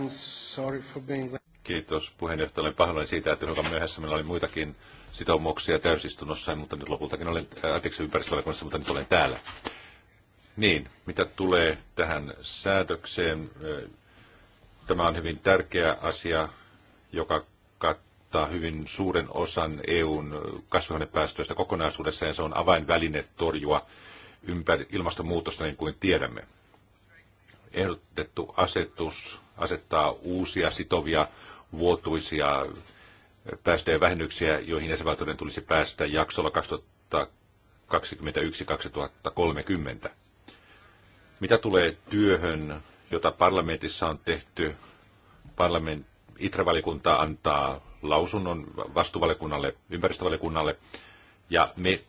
C: sorry for being...
D: Kiitos puheenjohtaja. Olen pahoillani siitä, että hiukan myöhässä meillä oli muitakin sitoumuksia täysistunnossa, mutta nyt lopultakin olen, äh, anteeksi ympäristövaliokunnassa, mutta nyt olen täällä. Niin, mitä tulee tähän säädökseen, äh, tämä on hyvin tärkeä asia joka kattaa hyvin suuren osan EUn kasvihuonepäästöistä kokonaisuudessaan, ja se on avainväline torjua ympäri ilmastonmuutosta niin kuin tiedämme. Ehdotettu asetus asettaa uusia sitovia vuotuisia päästöjen vähennyksiä, joihin jäsenvaltioiden tulisi päästä jaksolla 2021-2030. Mitä tulee työhön, jota parlamentissa on tehty parlament, itre valikunta antaa lausunnon vastuvalikunnalle, ympäristövalikunnalle, ja me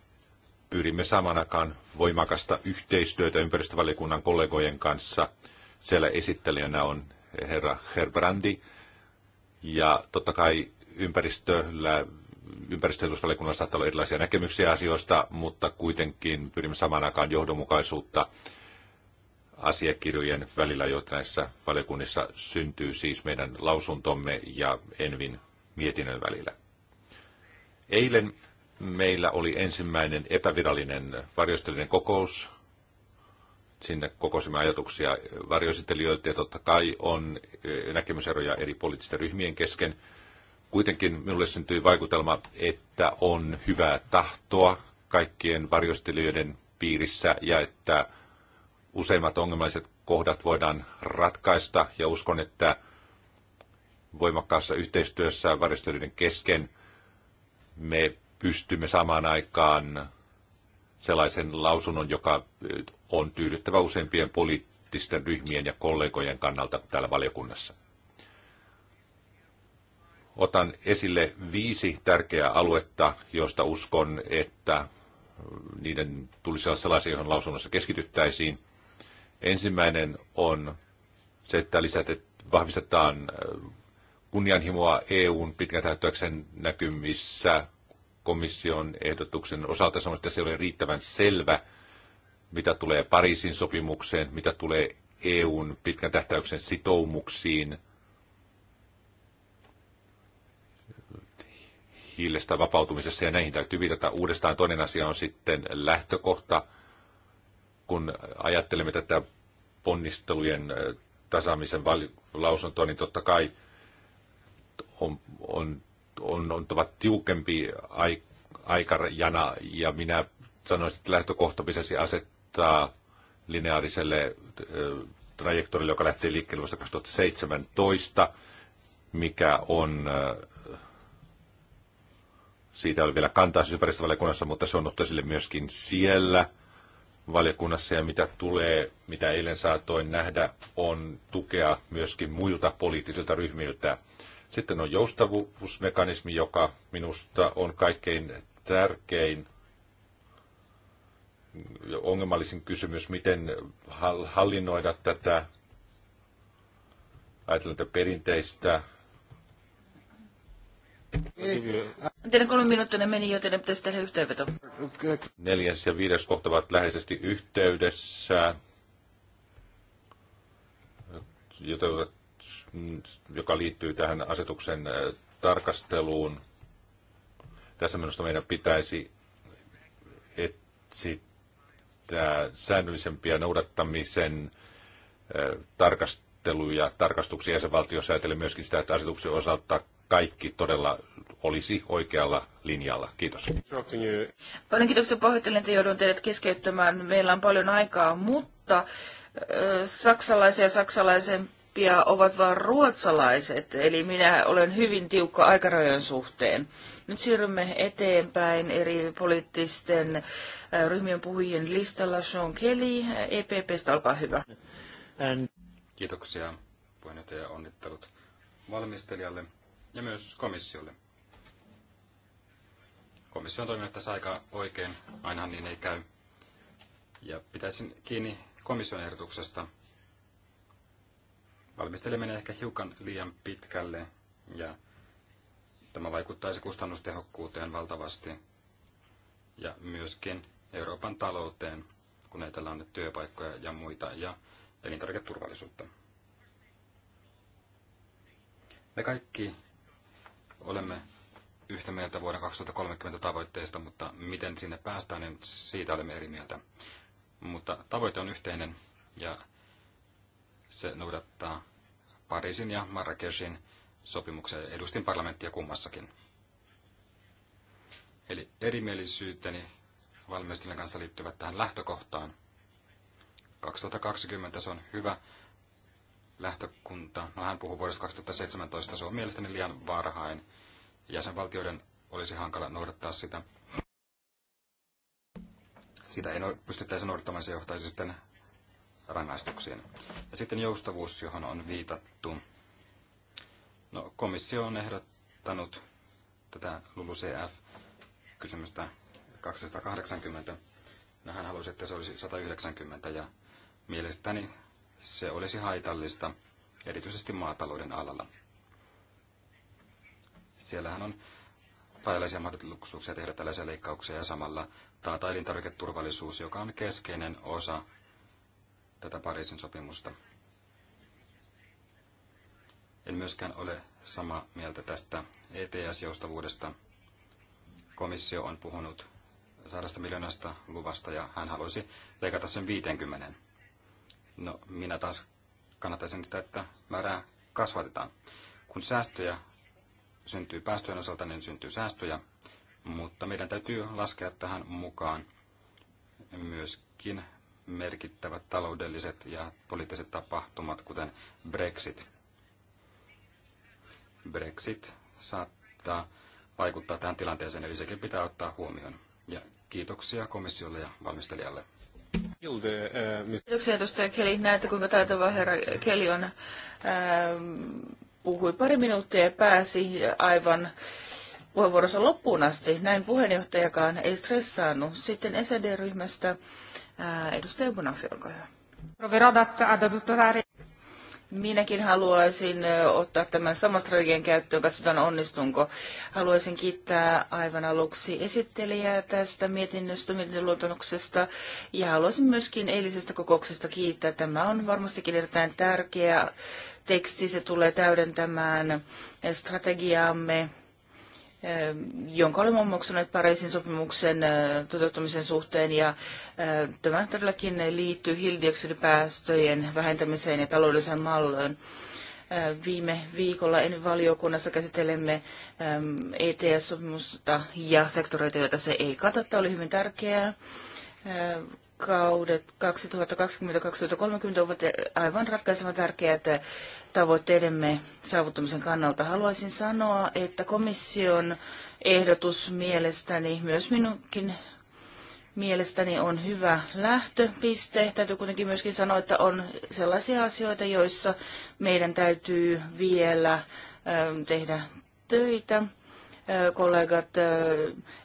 D: pyrimme saamaan aikaan voimakasta yhteistyötä ympäristövalikunnan kollegojen kanssa. Siellä esittelijänä on herra Herbrandi, ja totta kai ympäristöllä ympäristövaliokunnalla saattaa olla erilaisia näkemyksiä asioista, mutta kuitenkin pyrimme samaan aikaan johdonmukaisuutta asiakirjojen välillä, joita näissä valiokunnissa syntyy siis meidän lausuntomme ja Envin mietinnön välillä. Eilen meillä oli ensimmäinen epävirallinen varjostelijan kokous. Sinne kokosimme ajatuksia varjoesittelijöiltä ja totta kai on eh, näkemyseroja eri poliittisten ryhmien kesken. Kuitenkin minulle syntyi vaikutelma, että on hyvää tahtoa kaikkien varjostelijoiden piirissä ja että useimmat ongelmalliset kohdat voidaan ratkaista ja uskon, että voimakkaassa yhteistyössä varjostelijoiden kesken me pystymme samaan aikaan sellaisen lausunnon, joka eh, on tyydyttävä useimpien poliittisten ryhmien ja kollegojen kannalta täällä valiokunnassa. Otan esille viisi tärkeää aluetta, joista uskon, että niiden tulisi olla sellaisia, joihin lausunnossa keskityttäisiin – Ensimmäinen on se, että lisätet, vahvistetaan äh, kunnianhimoa EUn pitkän tähtäyksen näkymissä komission ehdotuksen osalta sanoin, että se ei ole riittävän selvä, mitä tulee Pariisin sopimukseen, mitä tulee EUn pitkän tähtäyksen sitoumuksiin, hiilestä vapautumisessa ja näihin täytyy viitata uudestaan. Toinen asia on sitten lähtökohta, kun ajattelemme tätä ponnistelujen tasaamisen lausuntoa, niin totta kai on, on, on, on tiukempi aikajana, ja minä sanoisin, että lähtökohta pitäisi asettaa lineaariselle trajektorille, joka lähtee liikkeelle vuodesta 2017, mikä on, siitä oli vielä kantaa siis ympäristövaliokunnassa, mutta se on otettu esille myöskin siellä – valiokunnassa ja mitä tulee, mitä eilen saatoin nähdä, on tukea myöskin muilta poliittisilta ryhmiltä. Sitten on joustavuusmekanismi, joka minusta on kaikkein tärkein ongelmallisin kysymys, miten hallinnoida tätä ajatellen perinteistä
B: eh,
A: Teidän kolme minuuttia meni, joten ne pitäisi tehdä yhteenveto.
D: Neljäs ja viides kohta ovat läheisesti yhteydessä, joka liittyy tähän asetuksen äh, tarkasteluun. Tässä minusta meidän pitäisi etsittää säännöllisempiä noudattamisen äh, tarkasteluja, tarkastuksia jäsenvaltiossa ajatellen myöskin sitä, että asetuksen osalta kaikki todella olisi oikealla linjalla. Kiitos.
A: Paljon kiitoksia pahoittelen, että joudun teidät keskeyttämään. Meillä on paljon aikaa, mutta saksalaisia saksalaisempia ovat vain ruotsalaiset, eli minä olen hyvin tiukka aikarajojen suhteen. Nyt siirrymme eteenpäin eri poliittisten ryhmien puhujien listalla. Sean Kelly,
B: EPPstä, olkaa hyvä. Kiitoksia puheenjohtaja onnittelut valmistelijalle ja myös komissiolle komissio on toiminut tässä aika oikein, ainahan niin ei käy. Ja pitäisin kiinni komission ehdotuksesta. Valmistele menee ehkä hiukan liian pitkälle ja tämä vaikuttaisi kustannustehokkuuteen valtavasti ja myöskin Euroopan talouteen, kun ajatellaan nyt työpaikkoja ja muita ja elintarviketurvallisuutta. Me kaikki olemme yhtä mieltä vuoden 2030 tavoitteista, mutta miten sinne päästään, niin siitä olemme eri mieltä. Mutta tavoite on yhteinen ja se noudattaa Pariisin ja Marrakeshin sopimuksen edustin parlamenttia kummassakin. Eli erimielisyyteni valmistelijan kanssa liittyvät tähän lähtökohtaan. 2020 se on hyvä lähtökunta. No hän puhuu vuodesta 2017, se on mielestäni liian varhain jäsenvaltioiden olisi hankala noudattaa sitä. Sitä ei pystyttäisi noudattamaan, se johtaisi sitten rangaistuksiin. Ja sitten joustavuus, johon on viitattu. No, komissio on ehdottanut tätä LULUCF-kysymystä 280. No, hän halusi, että se olisi 190 ja mielestäni se olisi haitallista, erityisesti maatalouden alalla. Siellähän on rajallisia mahdollisuuksia tehdä tällaisia leikkauksia ja samalla taata elintarviketurvallisuus, joka on keskeinen osa tätä Pariisin sopimusta. En myöskään ole samaa mieltä tästä ETS-joustavuudesta. Komissio on puhunut sadasta miljoonasta luvasta ja hän haluaisi leikata sen 50. No, minä taas kannattaisin sitä, että määrää kasvatetaan. Kun säästöjä syntyy päästöjen osalta, niin syntyy säästöjä, mutta meidän täytyy laskea tähän mukaan myöskin merkittävät taloudelliset ja poliittiset tapahtumat, kuten Brexit. Brexit saattaa vaikuttaa tähän tilanteeseen, eli sekin pitää ottaa huomioon. Ja kiitoksia komissiolle ja valmistelijalle. Eh,
A: kiitoksia edustaja Keli. Näette, kuinka taitava herra Keli on ehm, puhui pari minuuttia ja pääsi aivan puheenvuorossa loppuun asti. Näin puheenjohtajakaan ei stressaannut. Sitten SED-ryhmästä edustaja Bonafi, olkaa hyvä. Minäkin haluaisin ottaa tämän saman strategian käyttöön, katsotaan onnistunko. Haluaisin kiittää aivan aluksi esittelijää tästä mietinnöstä, mietintöluontonuksesta ja haluaisin myöskin eilisestä kokouksesta kiittää. Tämä on varmastikin erittäin tärkeä teksti. Se tulee täydentämään strategiaamme, eh, jonka olemme omaksuneet Pariisin sopimuksen eh, toteuttamisen suhteen. Ja eh, tämä todellakin liittyy hiilidioksidipäästöjen vähentämiseen ja taloudelliseen malliin. Viime viikolla ENVY-valiokunnassa käsittelemme ETS-sopimusta e ja sektoreita, joita se ei kata. Tämä oli hyvin tärkeää kaudet 2020-2030 ovat aivan ratkaisevan tärkeät tavoitteidemme saavuttamisen kannalta. Haluaisin sanoa, että komission ehdotus mielestäni, myös minunkin mielestäni on hyvä lähtöpiste. Täytyy kuitenkin myöskin sanoa, että on sellaisia asioita, joissa meidän täytyy vielä ähm, tehdä töitä kollegat,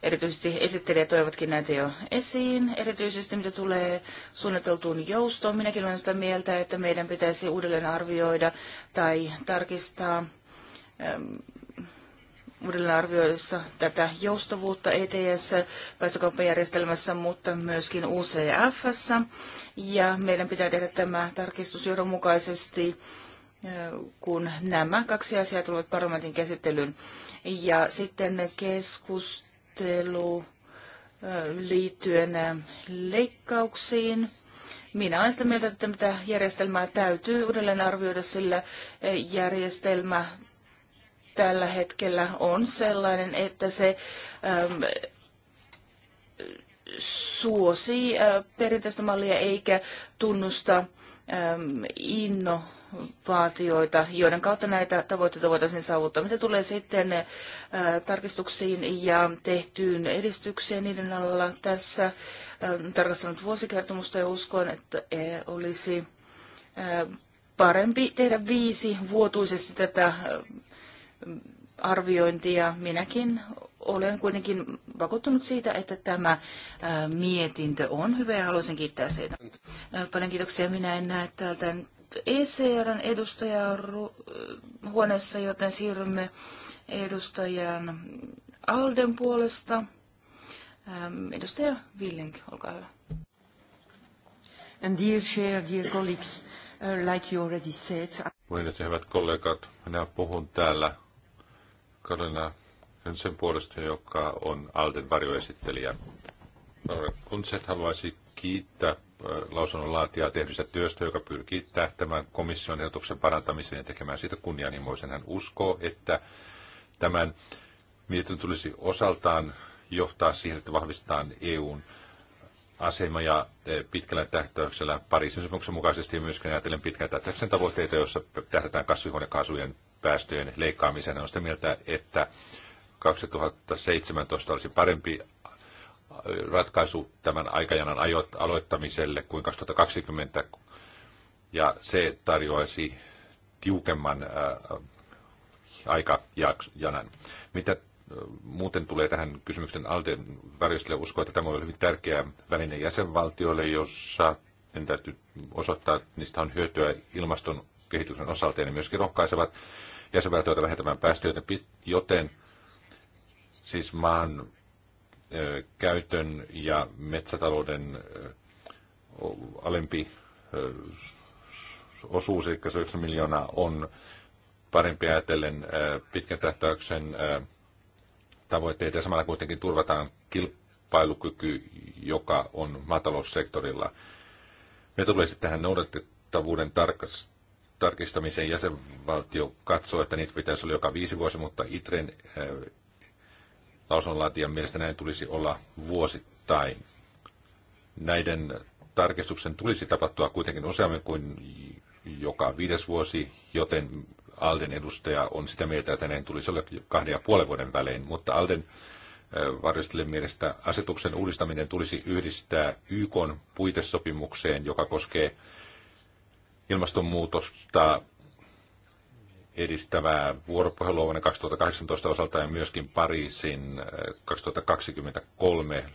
A: erityisesti esittelijät toivatkin näitä jo esiin. Erityisesti mitä tulee suunniteltuun joustoon, minäkin olen sitä mieltä, että meidän pitäisi uudelleen arvioida tai tarkistaa ähm, uudelleen arvioidessa tätä joustavuutta ETS-päästökauppajärjestelmässä, mutta myöskin UCFssä. Ja meidän pitää tehdä tämä tarkistus johdonmukaisesti, kun nämä kaksi asiaa tulevat parlamentin käsittelyyn. Ja sitten keskustelu liittyen leikkauksiin. Minä olen sitä mieltä, että mitä järjestelmää täytyy uudelleen arvioida, sillä järjestelmä tällä hetkellä on sellainen, että se ähm, suosii äh, perinteistä mallia eikä tunnusta ähm, inno vaatioita, joiden kautta näitä tavoitteita voitaisiin saavuttaa. Mitä tulee sitten tarkistuksiin ja tehtyyn edistykseen niiden alla tässä, tarkastanut vuosikertomusta ja uskon, että olisi parempi tehdä viisi vuotuisesti tätä arviointia. Minäkin olen kuitenkin vakuuttunut siitä, että tämä mietintö on hyvä ja haluaisin kiittää siitä. Paljon kiitoksia. Minä en näe täältä ECRn edustaja huoneessa, joten siirrymme edustajan Alden puolesta. Ähm, edustaja Willink, olkaa hyvä. And dear chair, dear colleagues, uh, like you already said...
D: Puheenjohtaja, hyvät kollegat, minä puhun täällä Karolina sen puolesta, joka on Alden varjoesittelijä. Kunset haluaisi kiittää Äh, lausunnon laatijaa tehdystä työstä, joka pyrkii tähtämään komission ehdotuksen parantamiseen ja tekemään siitä kunnianhimoisen. Hän uskoo, että tämän mietinnön tulisi osaltaan johtaa siihen, että vahvistetaan EUn asema ja äh, pitkällä tähtäyksellä Pariisin sopimuksen mukaisesti myöskin ajatellen pitkän tähtäyksen tavoitteita, joissa tähdätään kasvihuonekaasujen päästöjen leikkaamiseen. Hän on sitä mieltä, että 2017 olisi parempi ratkaisu tämän aikajanan aloittamiselle kuin 2020, ja se tarjoaisi tiukemman äh, aikajanan. Mitä äh, muuten tulee tähän kysymyksen Alden värjestille, uskon, että tämä on hyvin tärkeä väline jäsenvaltioille, jossa en täytyy osoittaa, että niistä on hyötyä ilmaston kehityksen osalta, ja ne myöskin rohkaisevat jäsenvaltioita vähentämään päästöjä, joten siis maan käytön ja metsätalouden alempi osuus, eli 9 miljoonaa, on parempi ajatellen pitkän tähtäyksen tavoitteita ja samalla kuitenkin turvataan kilpailukyky, joka on maataloussektorilla. Me tulee sitten tähän noudatettavuuden tarkistamiseen jäsenvaltio katsoo, että niitä pitäisi olla joka viisi vuosi, mutta ITREN lausunnonlaatijan mielestä näin tulisi olla vuosittain. Näiden tarkistuksen tulisi tapahtua kuitenkin useammin kuin joka viides vuosi, joten Alden edustaja on sitä mieltä, että näin tulisi olla kahden ja puolen vuoden välein, mutta Alden varjostelijan mielestä asetuksen uudistaminen tulisi yhdistää YK puitesopimukseen, joka koskee ilmastonmuutosta edistävää vuoropuhelua vuonna 2018 osalta ja myöskin Pariisin 2023, äh,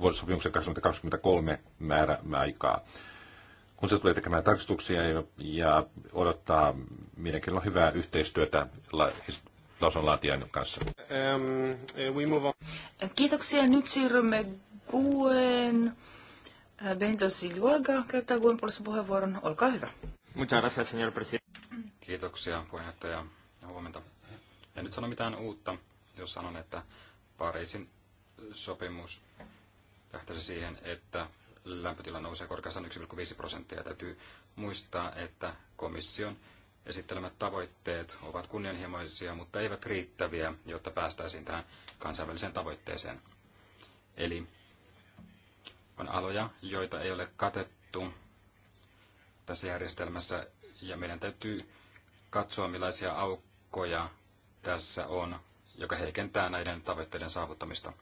D: vuosisopimuksen 2023 määrä aikaa. Kun se tulee tekemään tarkistuksia ja odottaa mielenkiinnolla hyvää yhteistyötä lausunlaatijan kanssa.
A: Um, Kiitoksia. Nyt siirrymme Guen. Äh, Bento Siluaga käyttää Guen puolesta puheenvuoron. Olkaa hyvä.
B: Muchas gracias, señor presidente. Kiitoksia puheenjohtaja ja huomenta. En nyt sano mitään uutta, jos sanon, että Pariisin sopimus tähtäisi siihen, että lämpötila nousee korkeastaan 1,5 prosenttia. Täytyy muistaa, että komission esittelemät tavoitteet ovat kunnianhimoisia, mutta eivät riittäviä, jotta päästäisiin tähän kansainväliseen tavoitteeseen. Eli on aloja, joita ei ole katettu tässä järjestelmässä, ja meidän täytyy katsoa, millaisia aukkoja tässä on, joka heikentää näiden tavoitteiden saavuttamista.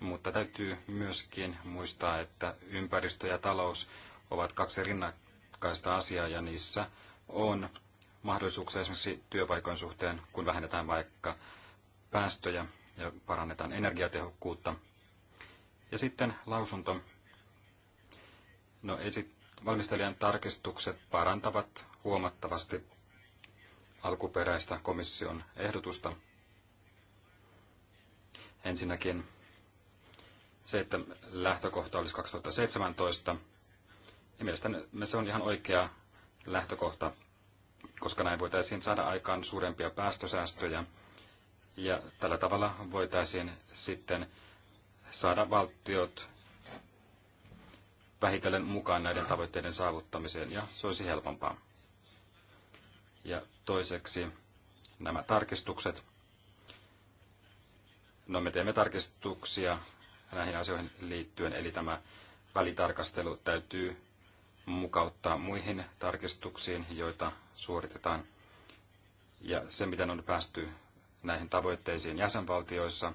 B: Mutta täytyy myöskin muistaa, että ympäristö ja talous ovat kaksi rinnakkaista asiaa ja niissä on mahdollisuuksia esimerkiksi työpaikojen suhteen, kun vähennetään vaikka päästöjä ja parannetaan energiatehokkuutta. Ja sitten lausunto. No, esit- valmistelijan tarkistukset parantavat huomattavasti alkuperäistä komission ehdotusta. Ensinnäkin se, että lähtökohta olisi 2017. Ja mielestäni se on ihan oikea lähtökohta, koska näin voitaisiin saada aikaan suurempia päästösäästöjä. Ja tällä tavalla voitaisiin sitten saada valtiot vähitellen mukaan näiden tavoitteiden saavuttamiseen, ja se olisi helpompaa. Ja toiseksi nämä tarkistukset. No me teemme tarkistuksia näihin asioihin liittyen, eli tämä välitarkastelu täytyy mukauttaa muihin tarkistuksiin, joita suoritetaan. Ja se, miten on päästy näihin tavoitteisiin jäsenvaltioissa,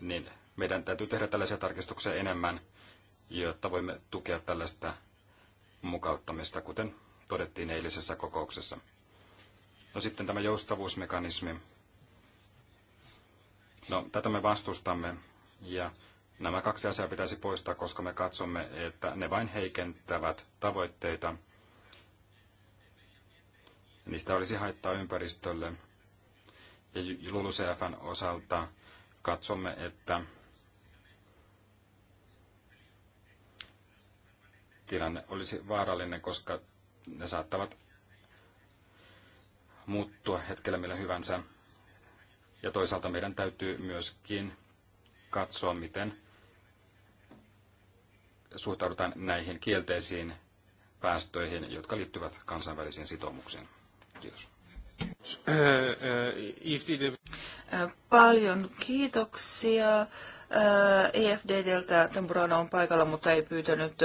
B: niin meidän täytyy tehdä tällaisia tarkistuksia enemmän, jotta voimme tukea tällaista mukauttamista, kuten todettiin eilisessä kokouksessa. No sitten tämä joustavuusmekanismi. No, tätä me vastustamme ja nämä kaksi asiaa pitäisi poistaa, koska me katsomme, että ne vain heikentävät tavoitteita. Niistä olisi haittaa ympäristölle. Ja LULUCFn osalta katsomme, että tilanne olisi vaarallinen, koska ne saattavat muuttua hetkellä millä hyvänsä. Ja toisaalta meidän täytyy myöskin katsoa, miten suhtaudutaan näihin kielteisiin päästöihin, jotka liittyvät kansainvälisiin sitoumuksiin. Kiitos. Äh, äh,
A: äh, paljon kiitoksia. EFD EFD-deltä Tamburana on paikalla, mutta ei pyytänyt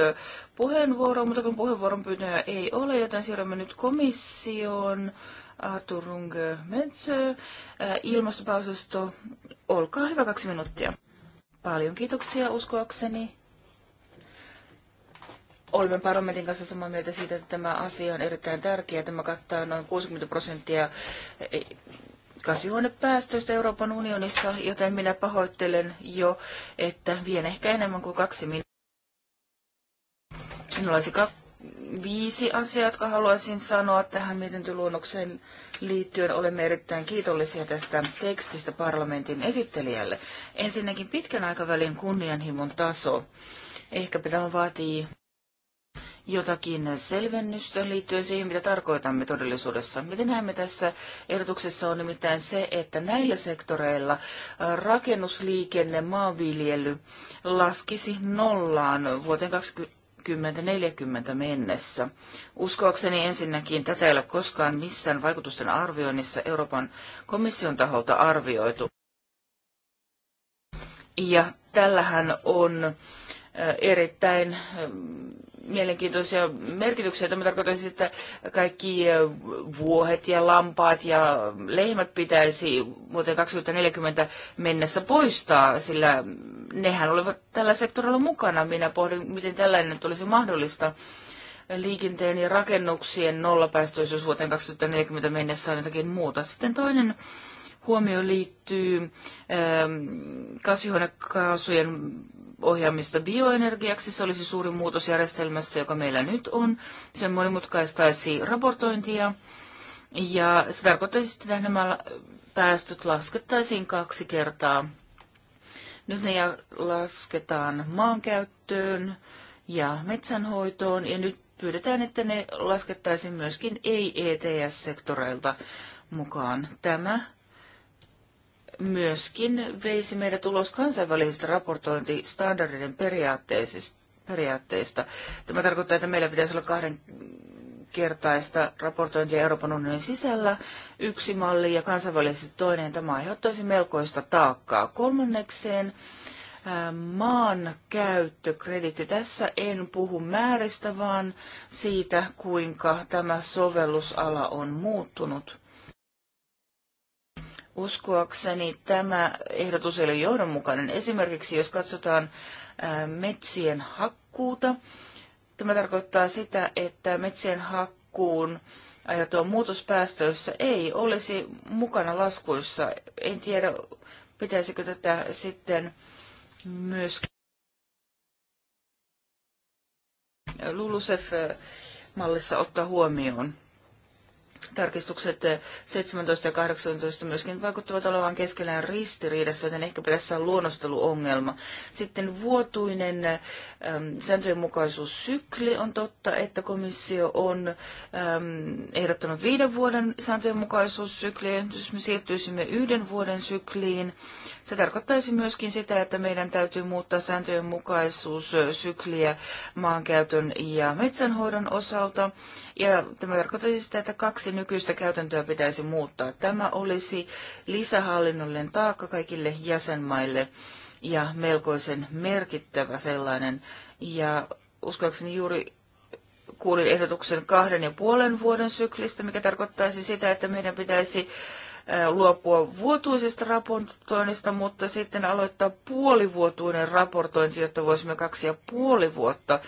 A: puheenvuoroa, mutta kun puheenvuoron pyytäjä ei ole, joten siirrymme nyt komissioon. Artur Runge Metsö, ilmastopausasto, olkaa hyvä kaksi minuuttia. Paljon kiitoksia uskoakseni olemme parlamentin kanssa samaa mieltä siitä, että tämä asia on erittäin tärkeä. Tämä kattaa noin 60 prosenttia kasvihuonepäästöistä Euroopan unionissa, joten minä pahoittelen jo, että vien ehkä enemmän kuin kaksi minuuttia. Minulla olisi viisi asiaa, jotka haluaisin sanoa tähän mietintöluonnokseen liittyen. Olemme erittäin kiitollisia tästä tekstistä parlamentin esittelijälle. Ensinnäkin pitkän aikavälin kunnianhimon taso. Ehkäpä tämä vaatii jotakin selvennystä liittyen siihen, mitä tarkoitamme todellisuudessa. Miten näemme tässä ehdotuksessa on nimittäin se, että näillä sektoreilla rakennusliikenne, maanviljely laskisi nollaan vuoteen 2040 mennessä. Uskoakseni ensinnäkin tätä ei ole koskaan missään vaikutusten arvioinnissa Euroopan komission taholta arvioitu. Ja tällähän on erittäin ähm, mielenkiintoisia merkityksiä. Tämä tarkoittaisi, että kaikki äh, vuohet ja lampaat ja lehmät pitäisi vuoteen 2040 mennessä poistaa, sillä nehän olivat tällä sektorilla mukana. Minä pohdin, miten tällainen tulisi mahdollista. Liikenteen ja rakennuksien nollapäästöisyys vuoteen 2040 mennessä on jotakin muuta. Sitten toinen huomio liittyy ähm, kasvihuonekaasujen ohjaamista bioenergiaksi. Se olisi suuri muutos järjestelmässä, joka meillä nyt on. Se monimutkaistaisi raportointia ja se tarkoittaisi, että nämä päästöt laskettaisiin kaksi kertaa. Nyt ne lasketaan maankäyttöön ja metsänhoitoon ja nyt pyydetään, että ne laskettaisiin myöskin ei-ETS-sektoreilta mukaan. Tämä myöskin veisi meidät ulos kansainvälisistä raportointistandardien periaatteista. Tämä tarkoittaa, että meillä pitäisi olla kahden kertaista raportointia Euroopan unionin sisällä, yksi malli ja kansainvälisesti toinen. Tämä aiheuttaisi melkoista taakkaa. Kolmannekseen maan käyttökreditti. Tässä en puhu määristä, vaan siitä, kuinka tämä sovellusala on muuttunut. Uskoakseni tämä ehdotus ei ole johdonmukainen. Esimerkiksi jos katsotaan metsien hakkuuta, tämä tarkoittaa sitä, että metsien hakkuun aiheutua muutospäästöissä ei olisi mukana laskuissa. En tiedä, pitäisikö tätä sitten myöskin LULUSEF-mallissa ottaa huomioon tarkistukset 17 ja 18 myöskin vaikuttavat olevan keskellään ristiriidassa, joten ehkä tässä on luonnosteluongelma. Sitten vuotuinen äm, sääntöjenmukaisuussykli on totta, että komissio on äm, ehdottanut viiden vuoden sääntöjenmukaisuussykliä. Jos me siirtyisimme yhden vuoden sykliin, se tarkoittaisi myöskin sitä, että meidän täytyy muuttaa sääntöjenmukaisuussykliä maankäytön ja metsänhoidon osalta. Ja tämä tarkoittaisi sitä, että kaksi nykyistä käytäntöä pitäisi muuttaa. Tämä olisi lisähallinnollinen taakka kaikille jäsenmaille ja melkoisen merkittävä sellainen. Ja uskoakseni juuri kuulin ehdotuksen kahden ja puolen vuoden syklistä, mikä tarkoittaisi sitä, että meidän pitäisi luopua vuotuisesta raportoinnista, mutta sitten aloittaa puolivuotuinen raportointi, jotta voisimme kaksi ja puoli vuotta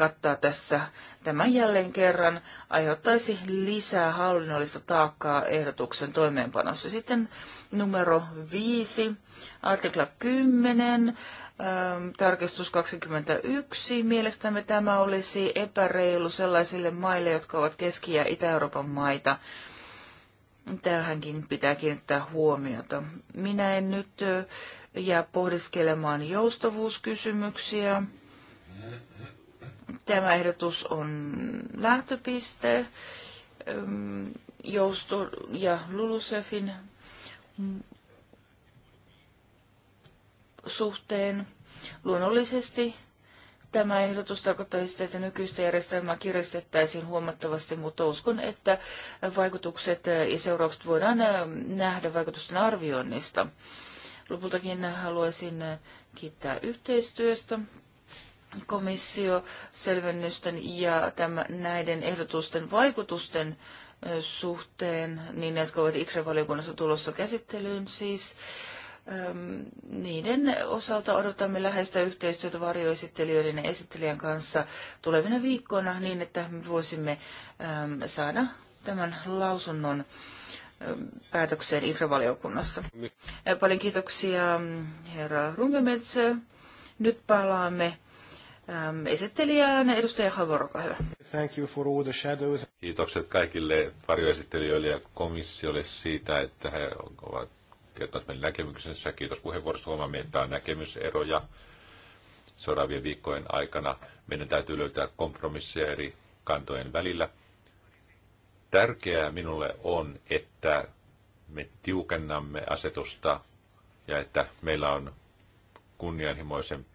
A: kattaa tässä. Tämä jälleen kerran aiheuttaisi lisää hallinnollista taakkaa ehdotuksen toimeenpanossa. Sitten numero 5, artikla 10, ähm, tarkistus 21. Mielestämme tämä olisi epäreilu sellaisille maille, jotka ovat Keski- ja Itä-Euroopan maita. Tähänkin pitää kiinnittää huomiota. Minä en nyt äh, jää pohdiskelemaan joustavuuskysymyksiä. Tämä ehdotus on lähtöpiste ähm, jousto- ja LULUSEFin suhteen. Luonnollisesti tämä ehdotus tarkoittaisi sitä, että nykyistä järjestelmää kiristettäisiin huomattavasti, mutta uskon, että vaikutukset ja seuraukset voidaan äh, nähdä vaikutusten arvioinnista. Lopultakin haluaisin kiittää yhteistyöstä komissio selvennysten ja tämän, näiden ehdotusten vaikutusten suhteen, niin ne, jotka ovat itse valiokunnassa tulossa käsittelyyn siis. Ähm, niiden osalta odotamme läheistä yhteistyötä varjoesittelijöiden ja esittelijän kanssa tulevina viikkoina niin, että me voisimme ähm, saada tämän lausunnon päätökseen infravaliokunnassa. Paljon kiitoksia herra Rungemetsä. Nyt palaamme äm, Edustaja Havor, olkaa hyvä.
C: Thank you for all the shadows.
D: Kiitokset kaikille varjoesittelijöille ja komissiolle siitä, että he ovat kertoneet meidän näkemyksensä. Kiitos puheenvuorosta. Huomaamme, että on näkemyseroja seuraavien viikkojen aikana. Meidän täytyy löytää kompromisseja eri kantojen välillä. Tärkeää minulle on, että me tiukennamme asetusta ja että meillä on kunnianhimoisempi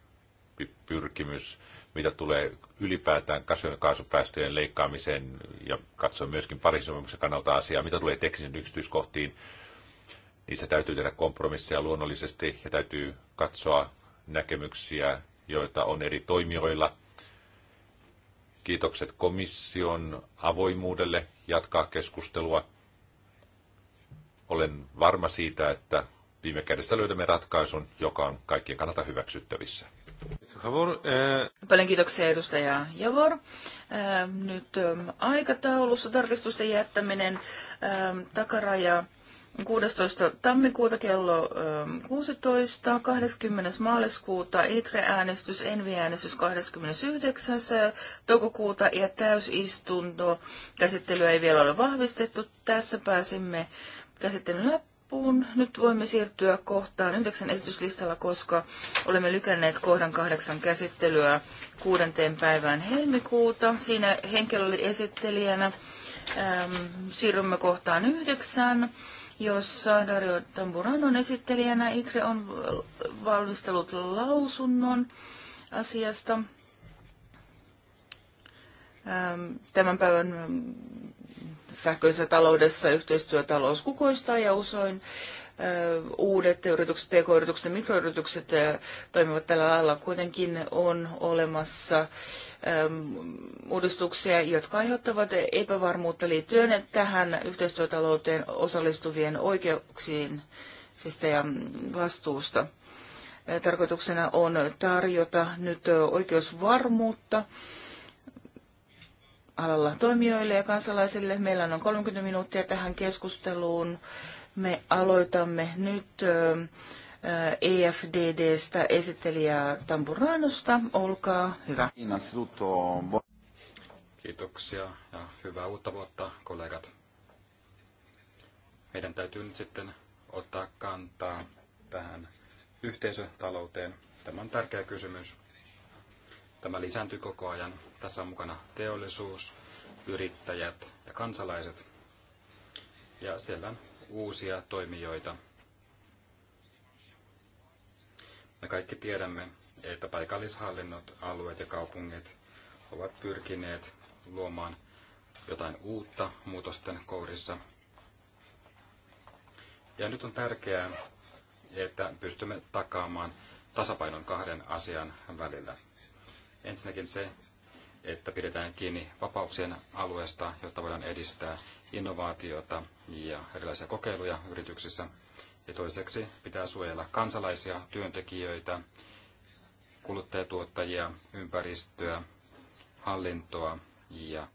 D: pyrkimys, mitä tulee ylipäätään kasvihuonekaasupäästöjen leikkaamiseen ja katsoa myöskin parisomuksen kannalta asiaa, mitä tulee teknisen yksityiskohtiin. Niissä täytyy tehdä kompromisseja luonnollisesti ja täytyy katsoa näkemyksiä, joita on eri toimijoilla. Kiitokset komission avoimuudelle jatkaa keskustelua. Olen varma siitä, että viime kädessä löydämme ratkaisun, joka on kaikkien kannalta hyväksyttävissä. Eh,
A: Paljon kiitoksia edustaja Javor. Eh, nyt aikataulussa tarkistusten jättäminen takaraja 16. tammikuuta kello 16, 20. maaliskuuta ITRE-äänestys, ENVI-äänestys 29. toukokuuta ja täysistunto. Käsittelyä ei vielä ole vahvistettu. Tässä pääsimme käsittelyn läpi loppuun. Nyt voimme siirtyä kohtaan yhdeksän esityslistalla, koska olemme lykänneet kohdan kahdeksan käsittelyä kuudenteen päivään helmikuuta. Siinä henkilö oli esittelijänä. Ähm, siirrymme kohtaan yhdeksän, jossa Dario Tamburan on esittelijänä. Itre on valmistellut lausunnon asiasta. Ähm, tämän päivän sähköisessä taloudessa yhteistyötalous kukoistaa ja usein uudet yritykset, pk-yritykset ja mikroyritykset toimivat tällä alalla, Kuitenkin on olemassa uudistuksia, jotka aiheuttavat epävarmuutta liittyen tähän yhteistyötalouteen osallistuvien oikeuksiin siis ja vastuusta. Tarkoituksena on tarjota nyt oikeusvarmuutta alalla toimijoille ja kansalaisille. Meillä on noin 30 minuuttia tähän keskusteluun. Me aloitamme nyt EFDDstä esittelijää Tamburanosta. Olkaa
B: hyvä. Kiitoksia ja hyvää uutta vuotta, kollegat. Meidän täytyy nyt sitten ottaa kantaa tähän yhteisötalouteen. Tämä on tärkeä kysymys. Tämä lisääntyy koko ajan. Tässä on mukana teollisuus, yrittäjät ja kansalaiset. Ja siellä on uusia toimijoita. Me kaikki tiedämme, että paikallishallinnot, alueet ja kaupungit ovat pyrkineet luomaan jotain uutta muutosten kourissa. Ja nyt on tärkeää, että pystymme takaamaan tasapainon kahden asian välillä. Ensinnäkin se, että pidetään kiinni vapauksien alueesta, jotta voidaan edistää innovaatiota ja erilaisia kokeiluja yrityksissä. Ja toiseksi pitää suojella kansalaisia, työntekijöitä, kuluttajatuottajia, ympäristöä, hallintoa ja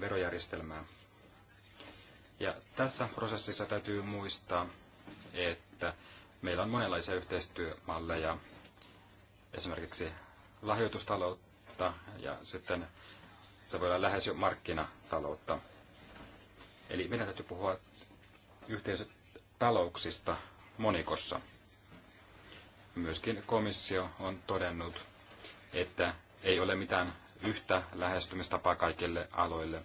B: verojärjestelmää. Ja tässä prosessissa täytyy muistaa, että meillä on monenlaisia yhteistyömalleja esimerkiksi lahjoitustaloutta ja sitten se voi olla lähes jo markkinataloutta. Eli meidän täytyy puhua yhteisötalouksista monikossa. Myöskin komissio on todennut, että ei ole mitään yhtä lähestymistapaa kaikille aloille.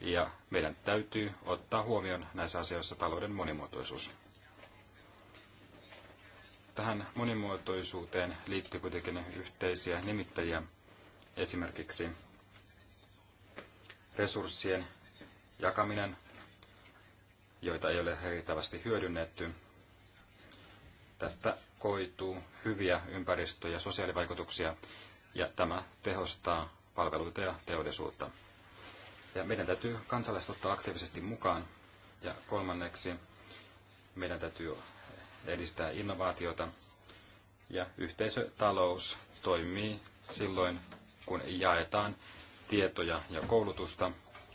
B: Ja meidän täytyy ottaa huomioon näissä asioissa talouden monimuotoisuus tähän monimuotoisuuteen liittyy kuitenkin yhteisiä nimittäjiä, esimerkiksi resurssien jakaminen, joita ei ole riittävästi hyödynnetty. Tästä koituu hyviä ympäristö- ja sosiaalivaikutuksia, ja tämä tehostaa palveluita ja teollisuutta. Ja meidän täytyy kansalaiset ottaa aktiivisesti mukaan. Ja kolmanneksi meidän täytyy edistää innovaatiota ja yhteisötalous toimii silloin, kun jaetaan tietoja ja koulutusta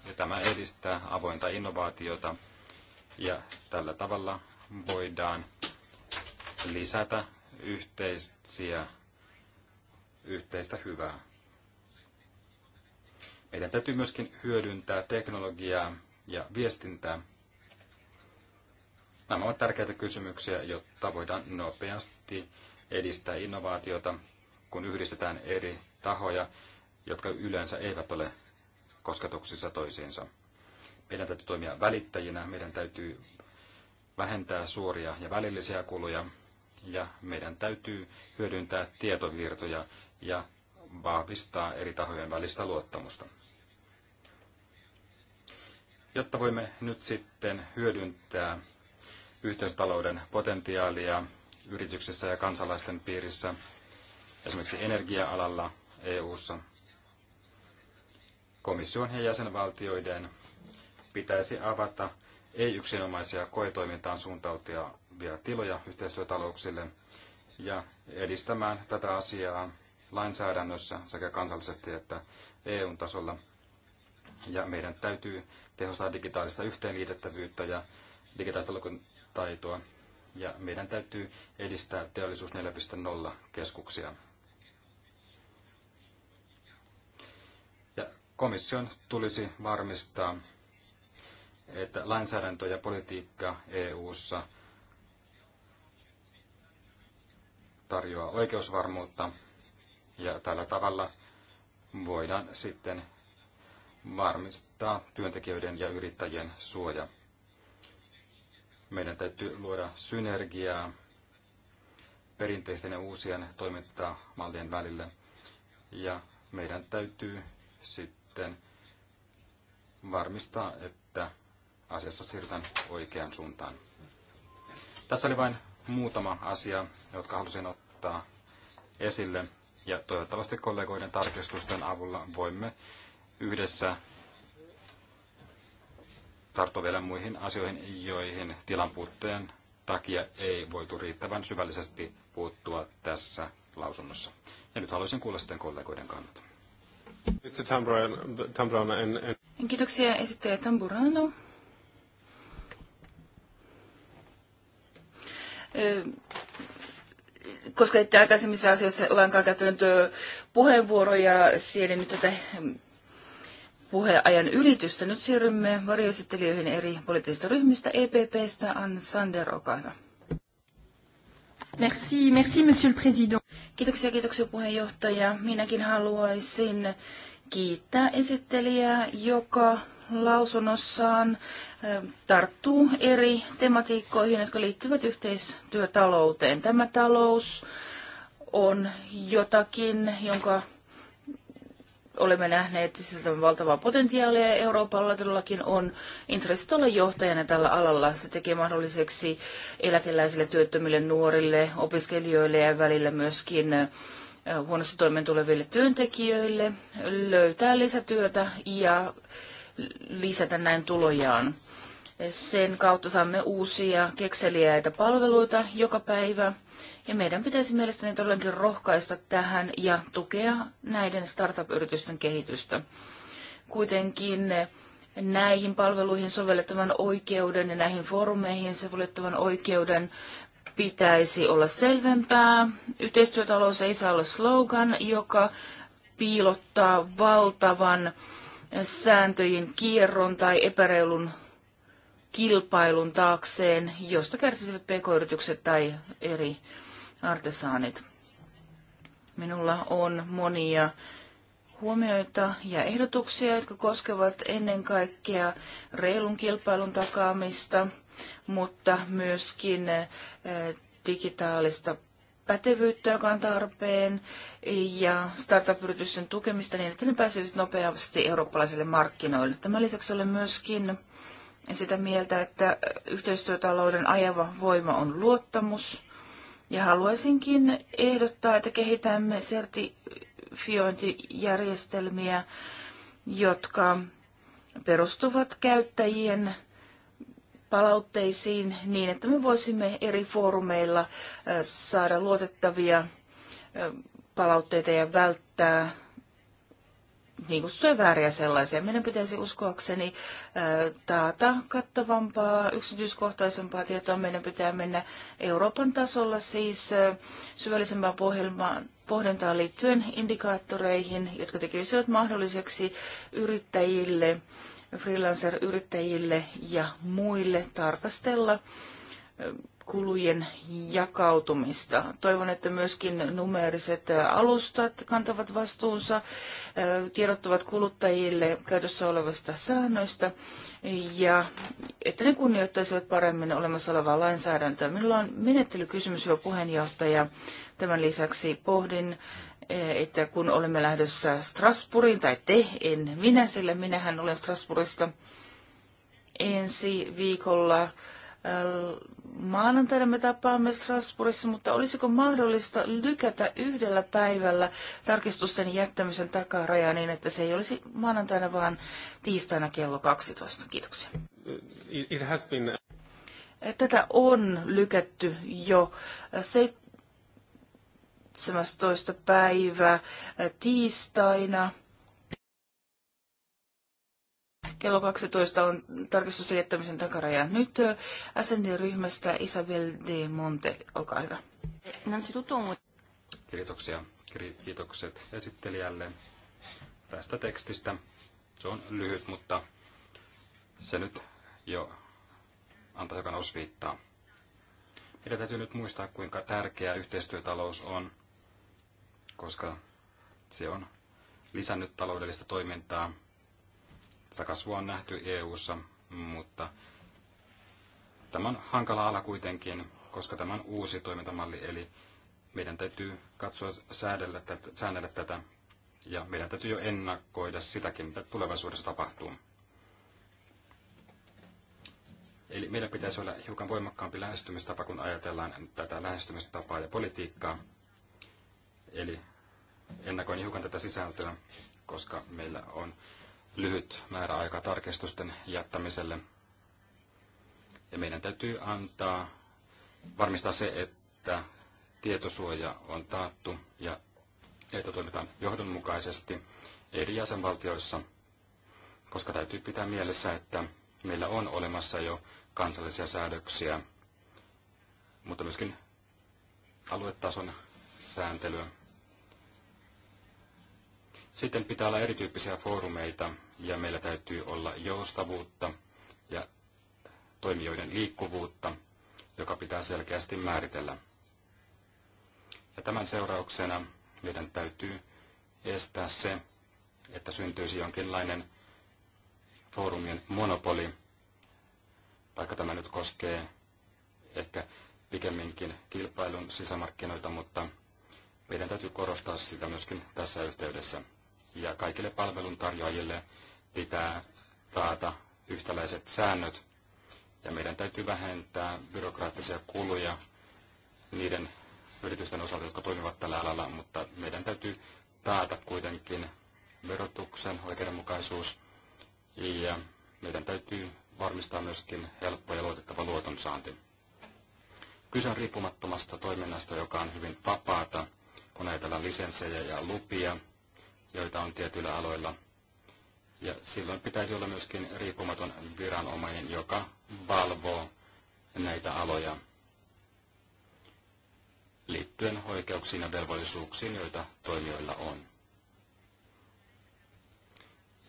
B: ja tämä edistää avointa innovaatiota ja tällä tavalla voidaan lisätä yhteisiä, yhteistä hyvää. Meidän täytyy myöskin hyödyntää teknologiaa ja viestintää Nämä ovat tärkeitä kysymyksiä, jotta voidaan nopeasti edistää innovaatiota, kun yhdistetään eri tahoja, jotka yleensä eivät ole kosketuksissa toisiinsa. Meidän täytyy toimia välittäjinä, meidän täytyy vähentää suoria ja välillisiä kuluja, ja meidän täytyy hyödyntää tietovirtoja ja vahvistaa eri tahojen välistä luottamusta. Jotta voimme nyt sitten hyödyntää yhteistalouden potentiaalia yrityksissä ja kansalaisten piirissä, esimerkiksi energia-alalla EU:ssa. Komission ja jäsenvaltioiden pitäisi avata ei-yksinomaisia koetoimintaan suuntautuvia tiloja yhteistyötalouksille ja edistämään tätä asiaa lainsäädännössä sekä kansallisesti että eu tasolla. Ja meidän täytyy tehostaa digitaalista yhteenliitettävyyttä ja digitaalista taitoa ja meidän täytyy edistää teollisuus 4.0 keskuksia. Ja komission tulisi varmistaa, että lainsäädäntö ja politiikka EU:ssa tarjoaa oikeusvarmuutta ja tällä tavalla voidaan sitten varmistaa työntekijöiden ja yrittäjien suoja. Meidän täytyy luoda synergiaa perinteisten ja uusien toimintamallien välille. Ja meidän täytyy sitten varmistaa, että asiassa siirrytään oikeaan suuntaan. Tässä oli vain muutama asia, jotka halusin ottaa esille. Ja toivottavasti kollegoiden tarkistusten avulla voimme yhdessä tarttua vielä muihin asioihin, joihin tilan puutteen takia ei voitu riittävän syvällisesti puuttua tässä lausunnossa. Ja nyt haluaisin kuulla sitten kollegoiden kannalta.
A: Kiitoksia esittäjä Tamburano. Koska ette aikaisemmissa asioissa lainkaan käyttänyt puheenvuoroja, siellä nyt tätä puheajan ylitystä. Nyt siirrymme varjoesittelijöihin eri poliittisista ryhmistä. EPPstä Ann Sander, olkaa hyvä. Merci, merci monsieur le président. Kiitoksia, kiitoksia puheenjohtaja. Minäkin haluaisin kiittää esittelijää, joka lausunnossaan äh, tarttuu eri tematiikkoihin, jotka liittyvät yhteistyötalouteen. Tämä talous on jotakin, jonka olemme nähneet on valtavaa potentiaalia. Euroopalla todellakin on intressit olla johtajana tällä alalla. Se tekee mahdolliseksi eläkeläisille, työttömille, nuorille, opiskelijoille ja välillä myöskin huonosti toimeentuleville työntekijöille löytää lisätyötä ja lisätä näin tulojaan. Sen kautta saamme uusia kekseliäitä palveluita joka päivä ja meidän pitäisi mielestäni todellakin rohkaista tähän ja tukea näiden startup-yritysten kehitystä. Kuitenkin näihin palveluihin sovellettavan oikeuden ja näihin foorumeihin sovellettavan oikeuden pitäisi olla selvempää. Yhteistyötalous ei saa olla slogan, joka piilottaa valtavan sääntöjen kierron tai epäreilun kilpailun taakseen, josta kärsisivät pk-yritykset tai eri artesaanit. Minulla on monia huomioita ja ehdotuksia, jotka koskevat ennen kaikkea reilun kilpailun takaamista, mutta myöskin eh, digitaalista pätevyyttä, joka on tarpeen, ja startup-yritysten tukemista niin, että ne pääsevät nopeasti eurooppalaisille markkinoille. Tämän lisäksi olen myöskin sitä mieltä, että yhteistyötalouden ajava voima on luottamus, ja haluaisinkin ehdottaa, että kehitämme sertifiointijärjestelmiä, jotka perustuvat käyttäjien palautteisiin niin, että me voisimme eri foorumeilla äh, saada luotettavia äh, palautteita ja välttää niin kuin vääriä sellaisia. Meidän pitäisi uskoakseni taata kattavampaa, yksityiskohtaisempaa tietoa. Meidän pitää mennä Euroopan tasolla siis syvällisempään pohjelmaan pohdintaan liittyen indikaattoreihin, jotka tekisivät mahdolliseksi yrittäjille, freelancer-yrittäjille ja muille tarkastella kulujen jakautumista. Toivon, että myöskin numeeriset alustat kantavat vastuunsa, tiedottavat kuluttajille käytössä olevista säännöistä ja että ne kunnioittaisivat paremmin olemassa olevaa lainsäädäntöä. Minulla on menettelykysymys, hyvä puheenjohtaja. Tämän lisäksi pohdin, että kun olemme lähdössä Strasbourgin, tai te, en minä, sillä minähän olen Strasbourgista ensi viikolla Äh, maanantaina me tapaamme Strasbourgissa, mutta olisiko mahdollista lykätä yhdellä päivällä tarkistusten jättämisen takaraja niin, että se ei olisi maanantaina, vaan tiistaina kello 12? Kiitoksia.
C: It has been... Uh,
A: äh, tätä on lykätty jo. Äh, se 17. päivä tiistaina Kello 12 on tarkistusten jättämisen takaraja. Nyt SND-ryhmästä Isabel de Monte, olkaa hyvä.
B: Kiitoksia. Kiitokset esittelijälle tästä tekstistä. Se on lyhyt, mutta se nyt jo antaa hyvän osviittaa. Meidän täytyy nyt muistaa, kuinka tärkeä yhteistyötalous on, koska se on lisännyt taloudellista toimintaa Tätä kasvua on nähty EU:ssa, mutta tämä on hankala ala kuitenkin, koska tämä on uusi toimintamalli, eli meidän täytyy katsoa säädellä, säännellä tätä, ja meidän täytyy jo ennakoida sitäkin, mitä tulevaisuudessa tapahtuu. Eli meidän pitäisi olla hiukan voimakkaampi lähestymistapa, kun ajatellaan tätä lähestymistapaa ja politiikkaa. Eli ennakoin hiukan tätä sisältöä, koska meillä on lyhyt määräaika tarkistusten jättämiselle. Ja meidän täytyy antaa, varmistaa se, että tietosuoja on taattu ja että toimitaan johdonmukaisesti eri jäsenvaltioissa, koska täytyy pitää mielessä, että meillä on olemassa jo kansallisia säädöksiä, mutta myöskin aluetason sääntelyä. Sitten pitää olla erityyppisiä foorumeita, ja meillä täytyy olla joustavuutta ja toimijoiden liikkuvuutta, joka pitää selkeästi määritellä. Ja tämän seurauksena meidän täytyy estää se, että syntyisi jonkinlainen foorumien monopoli, vaikka tämä nyt koskee ehkä pikemminkin kilpailun sisämarkkinoita, mutta meidän täytyy korostaa sitä myöskin tässä yhteydessä ja kaikille palveluntarjoajille pitää taata yhtäläiset säännöt ja meidän täytyy vähentää byrokraattisia kuluja niiden yritysten osalta, jotka toimivat tällä alalla, mutta meidän täytyy taata kuitenkin verotuksen oikeudenmukaisuus ja meidän täytyy varmistaa myöskin helppo ja luotettava luotonsaanti. Kyse on riippumattomasta toiminnasta, joka on hyvin vapaata, kun ajatellaan lisenssejä ja lupia – joita on tietyillä aloilla. Ja silloin pitäisi olla myöskin riippumaton viranomainen, joka valvoo näitä aloja liittyen oikeuksiin ja velvollisuuksiin, joita toimijoilla on.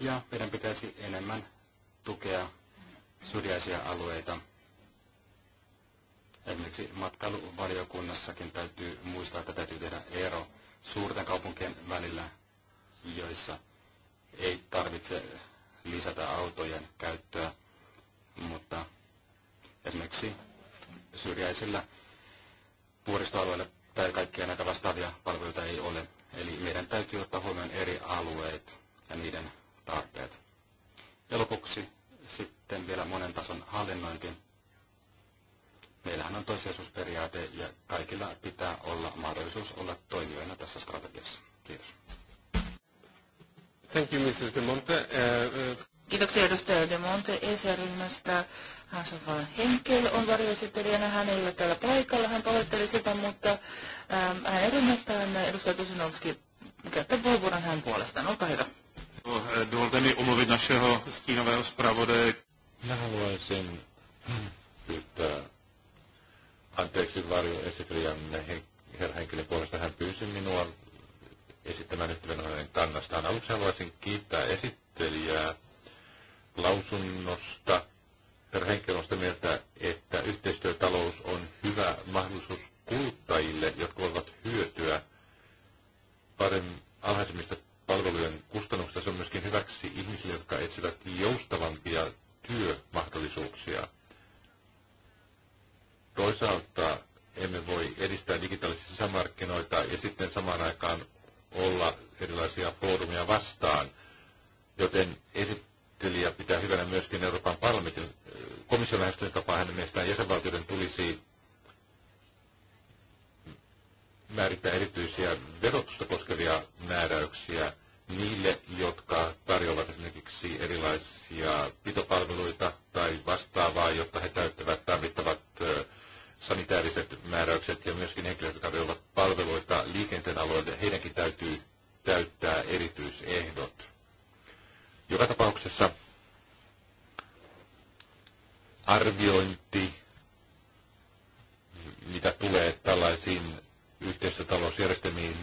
B: Ja meidän pitäisi enemmän tukea syrjäisiä alueita. Esimerkiksi matkailuvaliokunnassakin täytyy muistaa, että täytyy tehdä ero suurten kaupunkien välillä joissa ei tarvitse lisätä autojen käyttöä, mutta esimerkiksi syrjäisillä vuoristoalueilla tai kaikkia näitä vastaavia palveluita ei ole. Eli meidän täytyy ottaa huomioon eri alueet ja niiden tarpeet. Ja lopuksi sitten vielä monen tason hallinnointi. Meillähän on toisiasuusperiaate ja kaikilla pitää olla mahdollisuus olla toimijoina tässä strategiassa. Kiitos. Thank you, Mrs. De Monte. Eh, eh,
A: Kiitoksia edustaja De Monte ESR-ryhmästä. Hanson van Henkel on varjoesittelijänä. Hän ei ole täällä paikalla. Hän pahoitteli sitä, mutta ähm, hänen ryhmästään edustaja Tusinovski käyttää puheenvuoron hän puolestaan. Olkaa hyvä.
B: Eh, dovolte mi omluvit našeho stínového zpravodaje.
D: Minä haluaisin pyytää anteeksi varjoesittelijämme herra Henkelin puolesta. Hän pyysi minua esittämään yhtyvän kannastaan. Aluksi haluaisin kiittää esittelijää lausunnosta. Herra Henkel on sitä mieltä, että yhteistyötalous on hyvä mahdollisuus kuluttajille, jotka voivat hyötyä paremmin alhaisemmista palvelujen kustannuksista. Se on myöskin hyväksi ihmisille, jotka etsivät joustavampia työmahdollisuuksia. Toisaalta emme voi edistää digitaalisia sisämarkkinoita ja sitten samaan aikaan olla erilaisia foorumia vastaan, joten esittelijä pitää hyvänä myöskin Euroopan parlamentin eh, komission tapaa hänen mielestään jäsenvaltioiden tulisi määrittää erityisiä verotusta koskevia määräyksiä niille, jotka tarjoavat esimerkiksi erilaisia pitopalveluita tai vastaavaa, jotta he täyttävät tarvittavat eh, sanitaariset määräykset ja myöskin henkilöt, jotka tarjoavat palveluita liikenteen alueelle, heidänkin täytyy täyttää erityisehdot. Joka tapauksessa arviointi, mitä tulee tällaisiin yhteisötalousjärjestelmiin,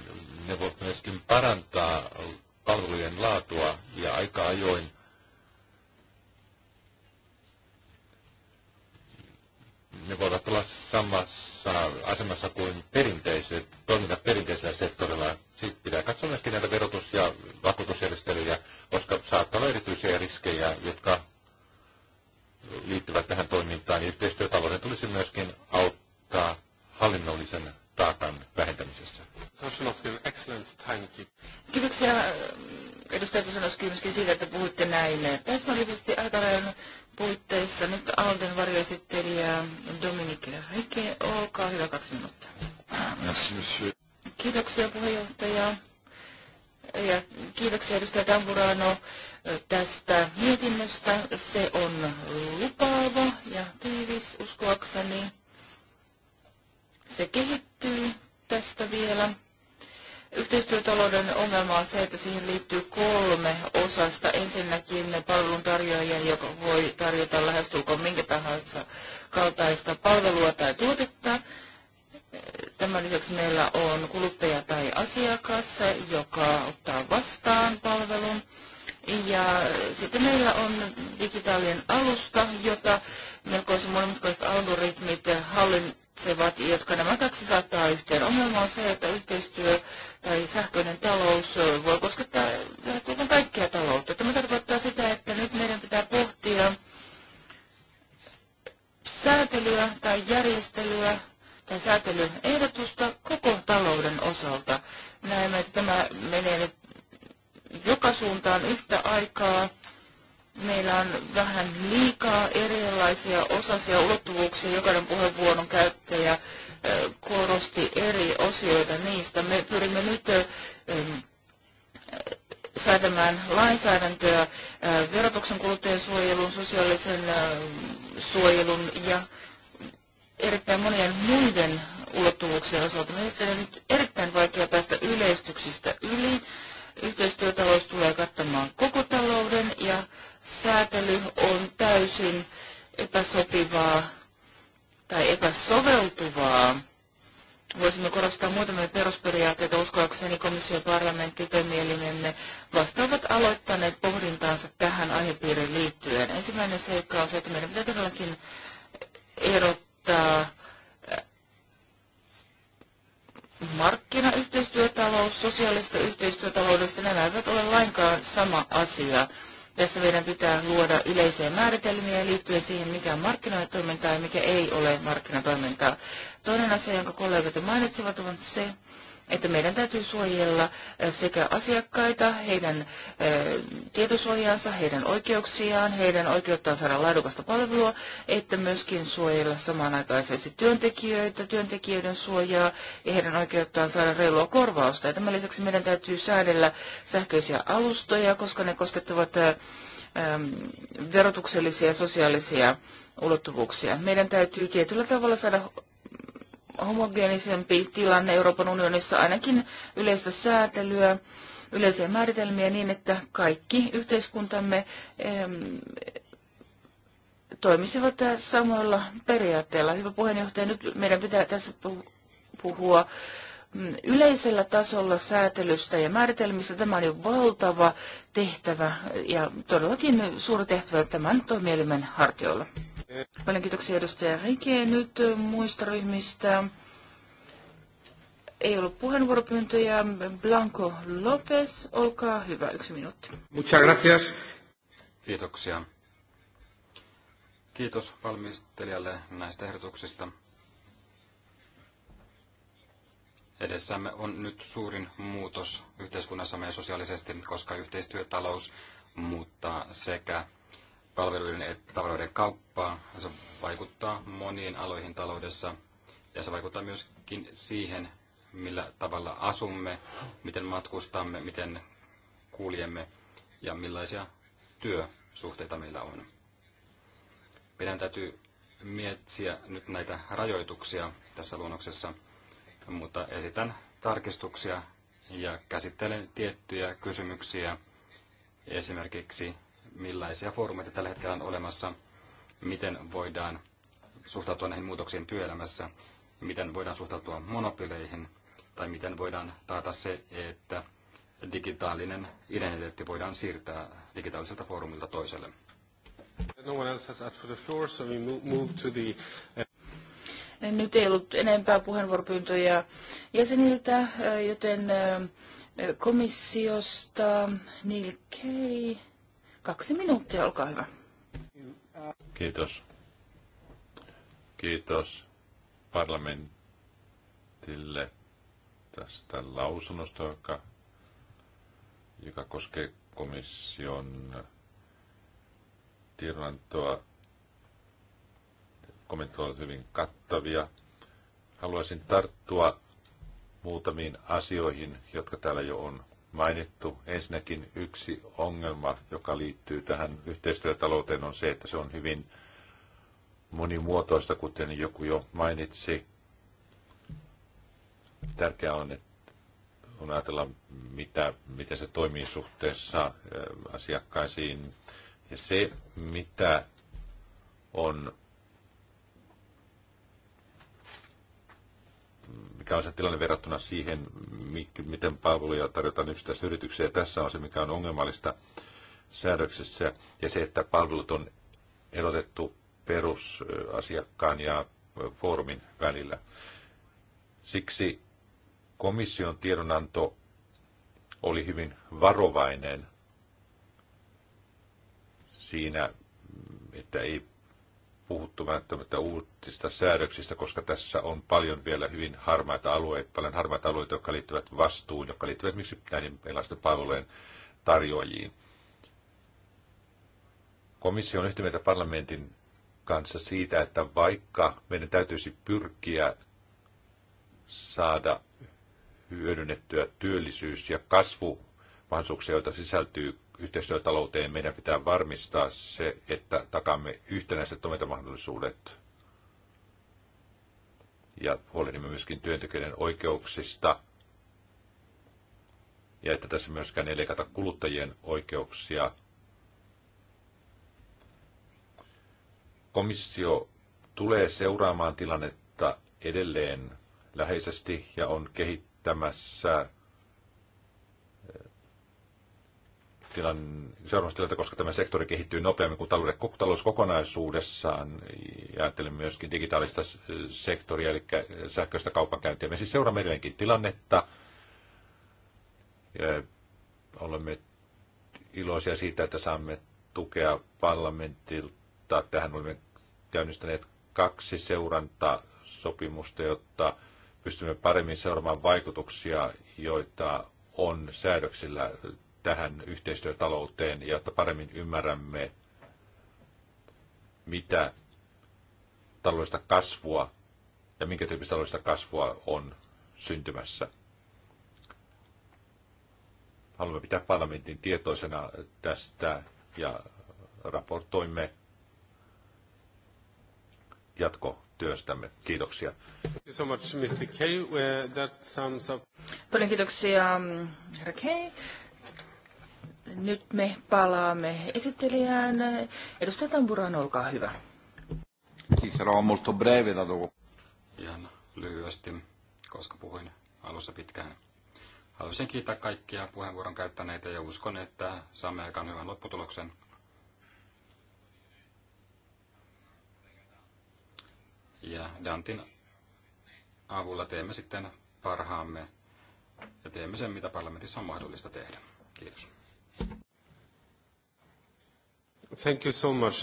D: ne voivat myöskin parantaa palvelujen laatua ja aika ajoin ne voivat olla samassa paremmassa asemassa kuin perinteiset, toiminnat perinteisellä sektorilla. Sitten pitää katsoa myöskin näitä verotus- ja vakuutusjärjestelyjä, koska saattaa olla erityisiä riskejä, jotka liittyvät tähän toimintaan. Yhteistyötalouden tulisi myöskin auttaa hallinnollisen taakan vähentämisessä.
A: Kiitoksia edustaja Kisanos myöskin siitä, että puhuitte näin täsmällisesti aikarajan puitteissa. Nyt Alden varjoesittelijä Dominik Heike, olkaa hyvä kaksi minuuttia. Kiitoksia puheenjohtaja. Ja kiitoksia edustaja Tamburano tästä mietinnöstä. Se on lupaava ja tiivis uskoakseni. Se kehittyy tästä vielä. Yhteistyötalouden ongelma on se, että siihen liittyy kolme osasta. Ensinnäkin palveluntarjoajia, joka voi tarjota lähestulkoon minkä tahansa kaltaista palvelua tai tuotetta. Tämän lisäksi meillä on kuluttaja tai asiakas, joka ottaa vastaan palvelun. Ja sitten meillä on digitaalinen alusta, jota melkoisen monimutkaiset algoritmit hallitsevat, jotka nämä kaksi saattaa yhteen. Ongelma on se, että yhteistyö tai sähköinen talous voi koskettaa lähestulkoon kaikkia taloutta. Tämä tarkoittaa sitä, että nyt meidän pitää pohtia säätelyä tai järjestelyä tai säätelyn ehdotusta koko talouden osalta. Näemme, että tämä menee nyt joka suuntaan yhtä aikaa. Meillä on vähän liikaa erilaisia osasia ja ulottuvuuksia. Jokainen puheenvuoron käyttäjä korosti eri osioita niistä. Me pyrimme nyt säätämään lainsäädäntöä verotuksen kuluttajansuojelun, sosiaalisen suojelun ja erittäin monien muiden ulottuvuuksien osalta. Meistä on nyt erittäin vaikea päästä yleistyksistä yli. Yhteistyötalous tulee kattamaan koko talouden ja säätely on täysin epäsopivaa tai epäsoveltuvaa. Voisimme korostaa muutamia perusperiaatteita. Uskoakseni komissio ja parlamentti toimielimemme vastaavat aloittaneet pohdintaansa tähän aihepiiriin liittyen. Ensimmäinen seikka on se, että meidän pitää todellakin erottaa äh, markkinayhteistyötalous sosiaalista yhteistyötaloudesta. Nämä eivät ole lainkaan sama asia. Tässä meidän pitää luoda yleisiä määritelmiä liittyen siihen, mikä on markkinatoimintaa ja mikä ei ole markkinatoimintaa. Toinen asia, jonka kollegat mainitsivat, on se, että meidän täytyy suojella sekä asiakkaita, heidän tietosuojaansa, heidän oikeuksiaan, heidän oikeuttaan saada laadukasta palvelua, että myöskin suojella samanaikaisesti työntekijöitä, työntekijöiden suojaa ja heidän oikeuttaan saada reilua korvausta. Ja tämän lisäksi meidän täytyy säädellä sähköisiä alustoja, koska ne koskettavat verotuksellisia ja sosiaalisia ulottuvuuksia. Meidän täytyy tietyllä tavalla saada homogeenisempi tilanne Euroopan unionissa, ainakin yleistä säätelyä, yleisiä määritelmiä niin, että kaikki yhteiskuntamme toimisivat samoilla periaatteilla. Hyvä puheenjohtaja, nyt meidän pitää tässä puhua mm, yleisellä tasolla säätelystä ja määritelmistä. Tämä on jo valtava tehtävä ja todellakin suuri tehtävä tämän toimielimen hartioilla. Paljon kiitoksia edustaja Rike. Nyt muista ryhmistä ei ollut puheenvuoropyyntöjä. Blanco Lopez, olkaa hyvä, yksi minuutti.
B: Muchas gracias. Kiitoksia. Kiitos valmistelijalle näistä ehdotuksista. Edessämme on nyt suurin muutos yhteiskunnassamme ja sosiaalisesti, koska yhteistyötalous muuttaa sekä palveluiden että tavaroiden kauppaa. Se vaikuttaa moniin aloihin taloudessa ja se vaikuttaa myöskin siihen, millä tavalla asumme, miten matkustamme, miten kuljemme ja millaisia työsuhteita meillä on. Meidän täytyy miettiä nyt näitä rajoituksia tässä luonnoksessa, mutta esitän tarkistuksia ja käsittelen tiettyjä kysymyksiä, esimerkiksi millaisia foorumeita tällä hetkellä on olemassa, miten voidaan suhtautua näihin muutoksiin työelämässä, miten voidaan suhtautua monopileihin, tai miten voidaan taata se, että digitaalinen identiteetti voidaan siirtää digitaaliselta foorumilta toiselle.
C: No uh,
A: nyt ei ollut enempää puheenvuoropyyntöjä jäseniltä, uh, joten uh, komissiosta Neil Kay. Kaksi minuuttia, olkaa hyvä.
D: Kiitos. Kiitos parlamentille tästä lausunnosta, joka, joka koskee komission tiedonantoa. Kommentit ovat hyvin kattavia. Haluaisin tarttua muutamiin asioihin, jotka täällä jo on mainittu. Ensinnäkin yksi ongelma, joka liittyy tähän yhteistyötalouteen, on se, että se on hyvin monimuotoista, kuten joku jo mainitsi. Tärkeää on, että kun ajatellaan, mitä, miten se toimii suhteessa asiakkaisiin, ja se, mitä on mikä on se tilanne verrattuna siihen, miten palveluja tarjotaan yksittäisessä yrityksessä. Ja tässä on se, mikä on ongelmallista säädöksessä, ja se, että palvelut on erotettu perusasiakkaan ja foorumin välillä. Siksi komission tiedonanto oli hyvin varovainen siinä, että ei puhuttu välttämättä uutista säädöksistä, koska tässä on paljon vielä hyvin harmaita alueita, paljon harmaita alueita, jotka liittyvät vastuun, jotka liittyvät miksi näiden erilaisten palvelujen tarjoajiin. Komissio on yhtä mieltä parlamentin kanssa siitä, että vaikka meidän täytyisi pyrkiä saada hyödynnettyä työllisyys- ja kasvumahdollisuuksia, joita sisältyy yhteistyötalouteen, meidän pitää varmistaa se, että takamme yhtenäiset toimintamahdollisuudet ja huolehdimme myöskin työntekijöiden oikeuksista ja että tässä myöskään ei leikata kuluttajien oikeuksia. Komissio tulee seuraamaan tilannetta edelleen läheisesti ja on kehittämässä seuraamustilannetta, koska tämä sektori kehittyy nopeammin kuin talous, talous kokonaisuudessaan. Ja ajattelen myöskin digitaalista sektoria, eli sähköistä kaupankäyntiä. Me siis seuraamme edelleenkin tilannetta. Ja olemme iloisia siitä, että saamme tukea parlamentilta. Tähän olemme käynnistäneet kaksi seurantasopimusta, jotta pystymme paremmin seuraamaan vaikutuksia, joita on säädöksillä tähän yhteistyötalouteen ja jotta paremmin ymmärrämme, mitä taloudellista kasvua ja minkä tyyppistä taloudellista kasvua on syntymässä. Haluamme pitää parlamentin tietoisena tästä ja raportoimme jatkotyöstämme. Kiitoksia.
C: So much, Mr. K. That
A: sums up... Paljon kiitoksia, herra Kay. Nyt me palaamme esittelijään. Edustaja Tamburan, olkaa hyvä.
D: Sarò molto breve, dato...
B: Ihan lyhyesti, koska puhuin alussa pitkään. Haluaisin kiittää kaikkia puheenvuoron käyttäneitä ja uskon, että saamme aikaan hyvän lopputuloksen. Ja Dantin avulla teemme sitten parhaamme ja teemme sen, mitä parlamentissa on mahdollista tehdä. Kiitos.
A: Thank you so much.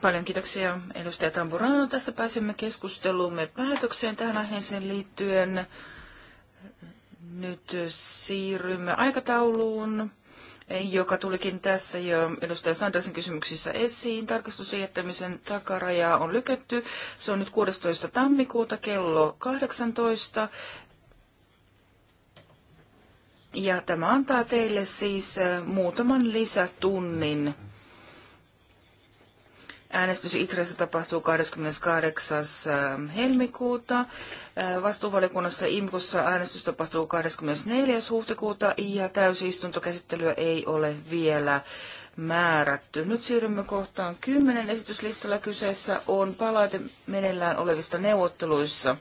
A: Paljon kiitoksia edustaja Tamburano. Tässä pääsemme keskustelumme päätökseen tähän aiheeseen liittyen. Nyt siirrymme aikatauluun, joka tulikin tässä jo edustaja Sandersin kysymyksissä esiin. Tarkastuksen jättämisen takarajaa on lykätty. Se on nyt 16. tammikuuta kello 18. Ja tämä antaa teille siis muutaman lisätunnin. Äänestys Itressä tapahtuu 28. helmikuuta. Vastuuvalikunnassa IMKossa äänestys tapahtuu 24. huhtikuuta ja täysistuntokäsittelyä ei ole vielä määrätty. Nyt siirrymme kohtaan 10. Esityslistalla kyseessä on palaute meneillään olevista neuvotteluissa.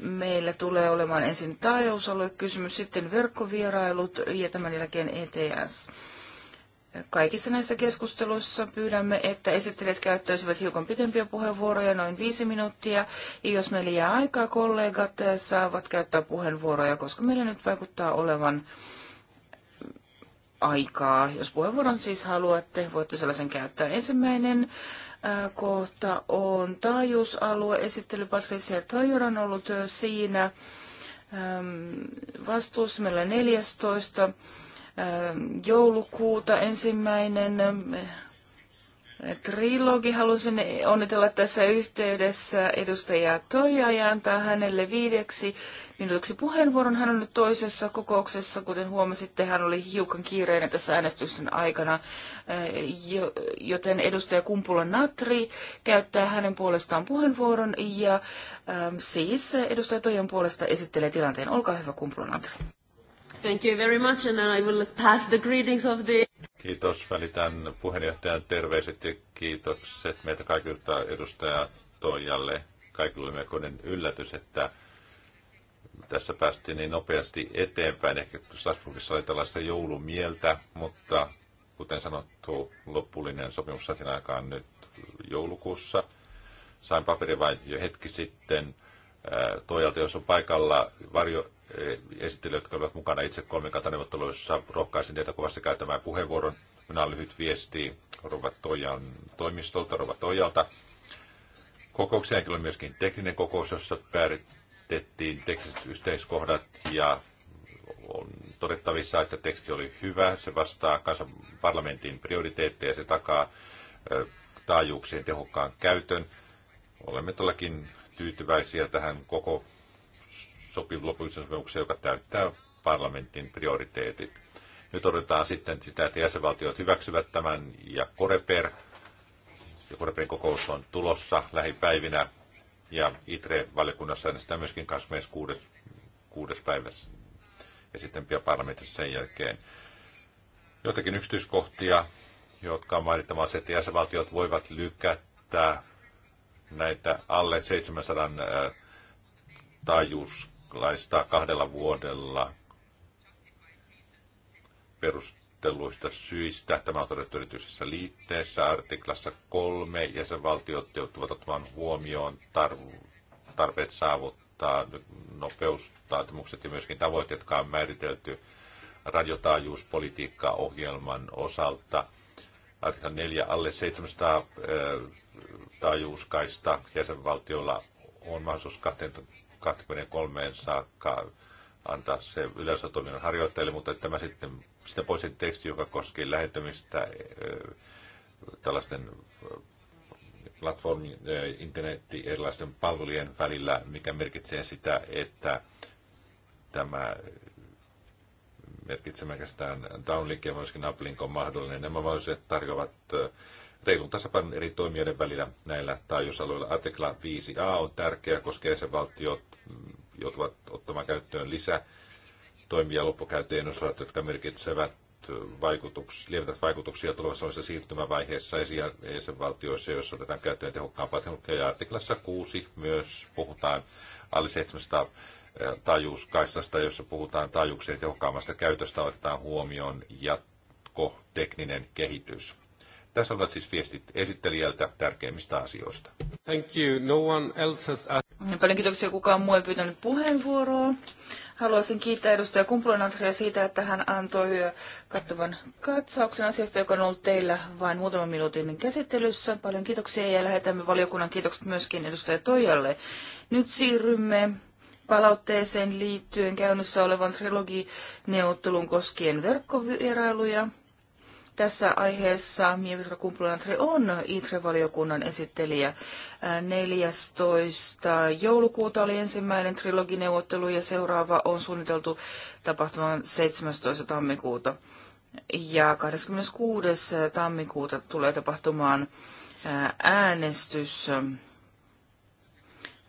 A: Meillä tulee olemaan ensin kysymys, sitten verkkovierailut ja tämän jälkeen ETS. Kaikissa näissä keskusteluissa pyydämme, että esittelijät käyttäisivät hiukan pitempiä puheenvuoroja, noin viisi minuuttia. Ja jos meillä jää aikaa, kollegat saavat käyttää puheenvuoroja, koska meillä nyt vaikuttaa olevan aikaa. Jos puheenvuoron siis haluatte, voitte sellaisen käyttää. Ensimmäinen kohta on taajuusalue. Esittely Patricia Toijur on ollut siinä vastuussa meillä 14. joulukuuta ensimmäinen trilogi. Halusin onnitella tässä yhteydessä edustajaa Toija ja antaa hänelle viideksi minuutiksi puheenvuoron. Hän on nyt toisessa kokouksessa, kuten huomasitte, hän oli hiukan kiireinen tässä äänestysten aikana, eh, joten edustaja Kumpula Natri käyttää hänen puolestaan puheenvuoron ja ehm, siis edustaja Toijan puolesta esittelee tilanteen. Olkaa hyvä Kumpula Natri. Thank you very much, and I will pass the greetings of
D: the... Kiitos. Välitän puheenjohtajan terveiset ja kiitokset meitä kaikilta edustaja Toijalle. Kaikille oli melkoinen yllätys, että tässä päästiin niin nopeasti eteenpäin. Ehkä Strasbourgissa oli tällaista joulumieltä, mutta kuten sanottu, lopullinen sopimus saatiin aikaan nyt joulukuussa. Sain paperin vain jo hetki sitten. Toijalta, jos on paikalla varjo esittelijöitä, jotka olivat mukana itse kolmikantaneuvotteluissa. Rohkaisin teitä kovasti käyttämään puheenvuoron. Minä olen lyhyt viesti Rova Toijan toimistolta, Rova Toijalta. Kokoukseen oli myöskin tekninen kokous, jossa päätettiin tekstiset yhteiskohdat ja on todettavissa, että teksti oli hyvä. Se vastaa kansan parlamentin prioriteetteja ja se takaa taajuuksien tehokkaan käytön. Olemme todellakin tyytyväisiä tähän koko lopullisen sopimuksen, joka täyttää parlamentin prioriteetit. Nyt odotetaan sitten sitä, että jäsenvaltiot hyväksyvät tämän ja Koreper, ja Koreperin kokous on tulossa lähipäivinä ja ITRE-valiokunnassa äänestetään myöskin 26. kuudes päivässä ja sitten pian parlamentissa sen jälkeen. Jotakin yksityiskohtia, jotka on mainittava se, että jäsenvaltiot voivat lykätä näitä alle 700 taajuus laista kahdella vuodella perustelluista syistä. Tämä on todettu erityisessä liitteessä artiklassa kolme. Jäsenvaltiot joutuvat ottamaan huomioon tarpeet saavuttaa nopeustaatimukset ja myöskin tavoitteet, jotka on määritelty radiotaajuuspolitiikka-ohjelman osalta. Artikla 4 alle 700 taajuuskaista jäsenvaltiolla on mahdollisuus 12 23 saakka antaa se yleisötoiminnan harjoittajille, mutta tämä sitten, sitä poisin teksti, joka koski lähettämistä tällaisten platformin, internetti erilaisten palvelujen välillä, mikä merkitsee sitä, että tämä merkitsemäkästään downlink ja myöskin uplink on mahdollinen. Nämä mahdolliset tarjoavat reilun tasapainon eri toimijoiden välillä näillä taajuusalueilla. Artikla 5a on tärkeä, koska jäsenvaltiot mm, joutuvat ottamaan käyttöön lisää toimia loppukäyttäjien osalta, jotka merkitsevät vaikutuksia, lievitävät vaikutuksia tulevassa siirtymävaiheessa jäsenvaltioissa, joissa otetaan käyttöön tehokkaampaa teknologiaa. Artiklassa 6 myös puhutaan alle 700 taajuuskaistasta, jossa puhutaan taajuuksien tehokkaammasta käytöstä, otetaan huomioon jatkotekninen kehitys. Tässä ovat siis viestit esittelijältä tärkeimmistä asioista.
C: Thank you. No one else has asked. Paljon kiitoksia.
A: Kukaan muu ei pyytänyt puheenvuoroa. Haluaisin kiittää edustaja Andrea siitä, että hän antoi kattavan katsauksen asiasta, joka on ollut teillä vain muutaman minuutin käsittelyssä. Paljon kiitoksia ja lähetämme valiokunnan kiitokset myöskin edustaja Toijalle. Nyt siirrymme palautteeseen liittyen käynnissä olevan trilogineuvottelun koskien verkkovierailuja. Tässä aiheessa Mievitra Kumpulantri on ITRE-valiokunnan esittelijä. 14. joulukuuta oli ensimmäinen trilogineuvottelu ja seuraava on suunniteltu tapahtumaan 17. tammikuuta. Ja 26. tammikuuta tulee tapahtumaan äänestys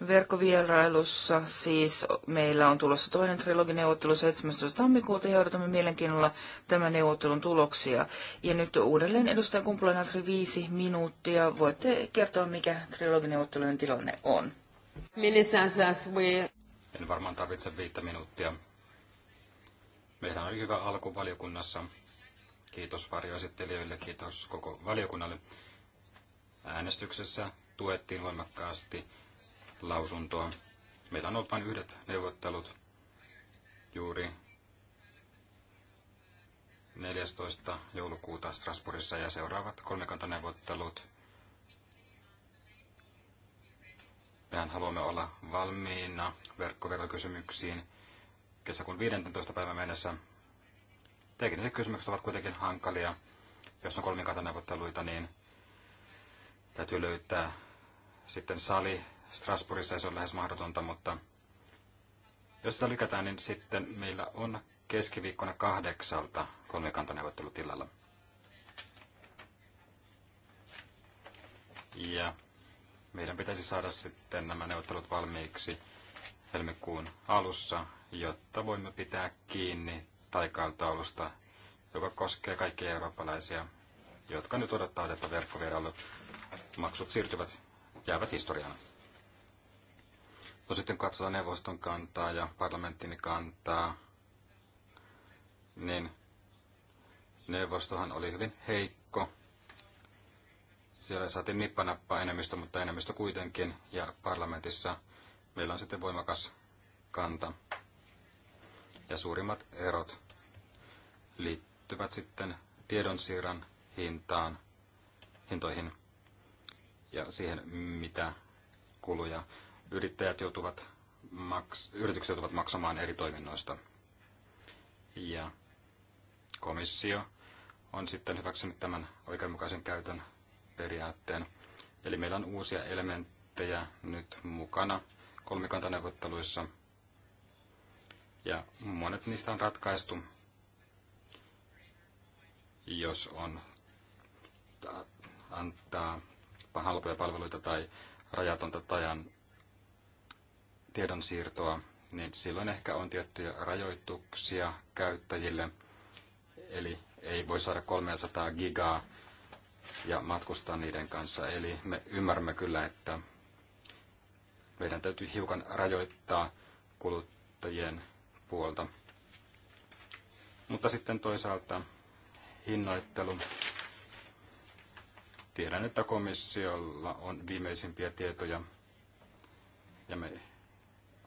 A: verkkovierailussa. Siis meillä on tulossa toinen trilogineuvottelu 17. tammikuuta ja odotamme mielenkiinnolla tämän neuvottelun tuloksia. Ja nyt uudelleen edustaja kumpula viisi minuuttia. Voitte kertoa, mikä
B: trilogineuvottelujen tilanne on. En varmaan tarvitse viittä minuuttia. Meillä oli hyvä alku valiokunnassa. Kiitos varjoesittelijöille, kiitos koko valiokunnalle. Äänestyksessä tuettiin voimakkaasti lausuntoa. Meillä on ollut vain yhdet neuvottelut juuri 14. joulukuuta Strasbourgissa ja seuraavat kolmikantaneuvottelut. Mehän haluamme olla valmiina verkkoverokysymyksiin kesäkuun 15. päivän mennessä. Tekniset kysymykset ovat kuitenkin hankalia. Jos on kolmikantaneuvotteluita, niin täytyy löytää sitten sali Strasbourgissa ja se on lähes mahdotonta, mutta jos sitä lykätään, niin sitten meillä on keskiviikkona kahdeksalta kolmikantaneuvottelutilalla. Ja meidän pitäisi saada sitten nämä neuvottelut valmiiksi helmikuun alussa, jotta voimme pitää kiinni taikailtaulusta, joka koskee kaikkia eurooppalaisia, jotka nyt odottavat, että maksut siirtyvät, jäävät historiaan. No sitten katsotaan neuvoston kantaa ja parlamentin kantaa, niin neuvostohan oli hyvin heikko. Siellä saatiin nippanappa enemmistö, mutta enemmistö kuitenkin, ja parlamentissa meillä on sitten voimakas kanta. Ja suurimmat erot liittyvät sitten tiedonsiirran hintaan, hintoihin ja siihen, mitä kuluja yrittäjät joutuvat maks- yritykset joutuvat maksamaan eri toiminnoista. Ja komissio on sitten hyväksynyt tämän oikeudenmukaisen käytön periaatteen. Eli meillä on uusia elementtejä nyt mukana kolmikantaneuvotteluissa. Ja monet niistä on ratkaistu, jos on antaa halpoja palveluita tai rajatonta tajan tiedonsiirtoa, niin silloin ehkä on tiettyjä rajoituksia käyttäjille. Eli ei voi saada 300 gigaa ja matkustaa niiden kanssa. Eli me ymmärrämme kyllä, että meidän täytyy hiukan rajoittaa kuluttajien puolta. Mutta sitten toisaalta hinnoittelu. Tiedän, että komissiolla on viimeisimpiä tietoja ja me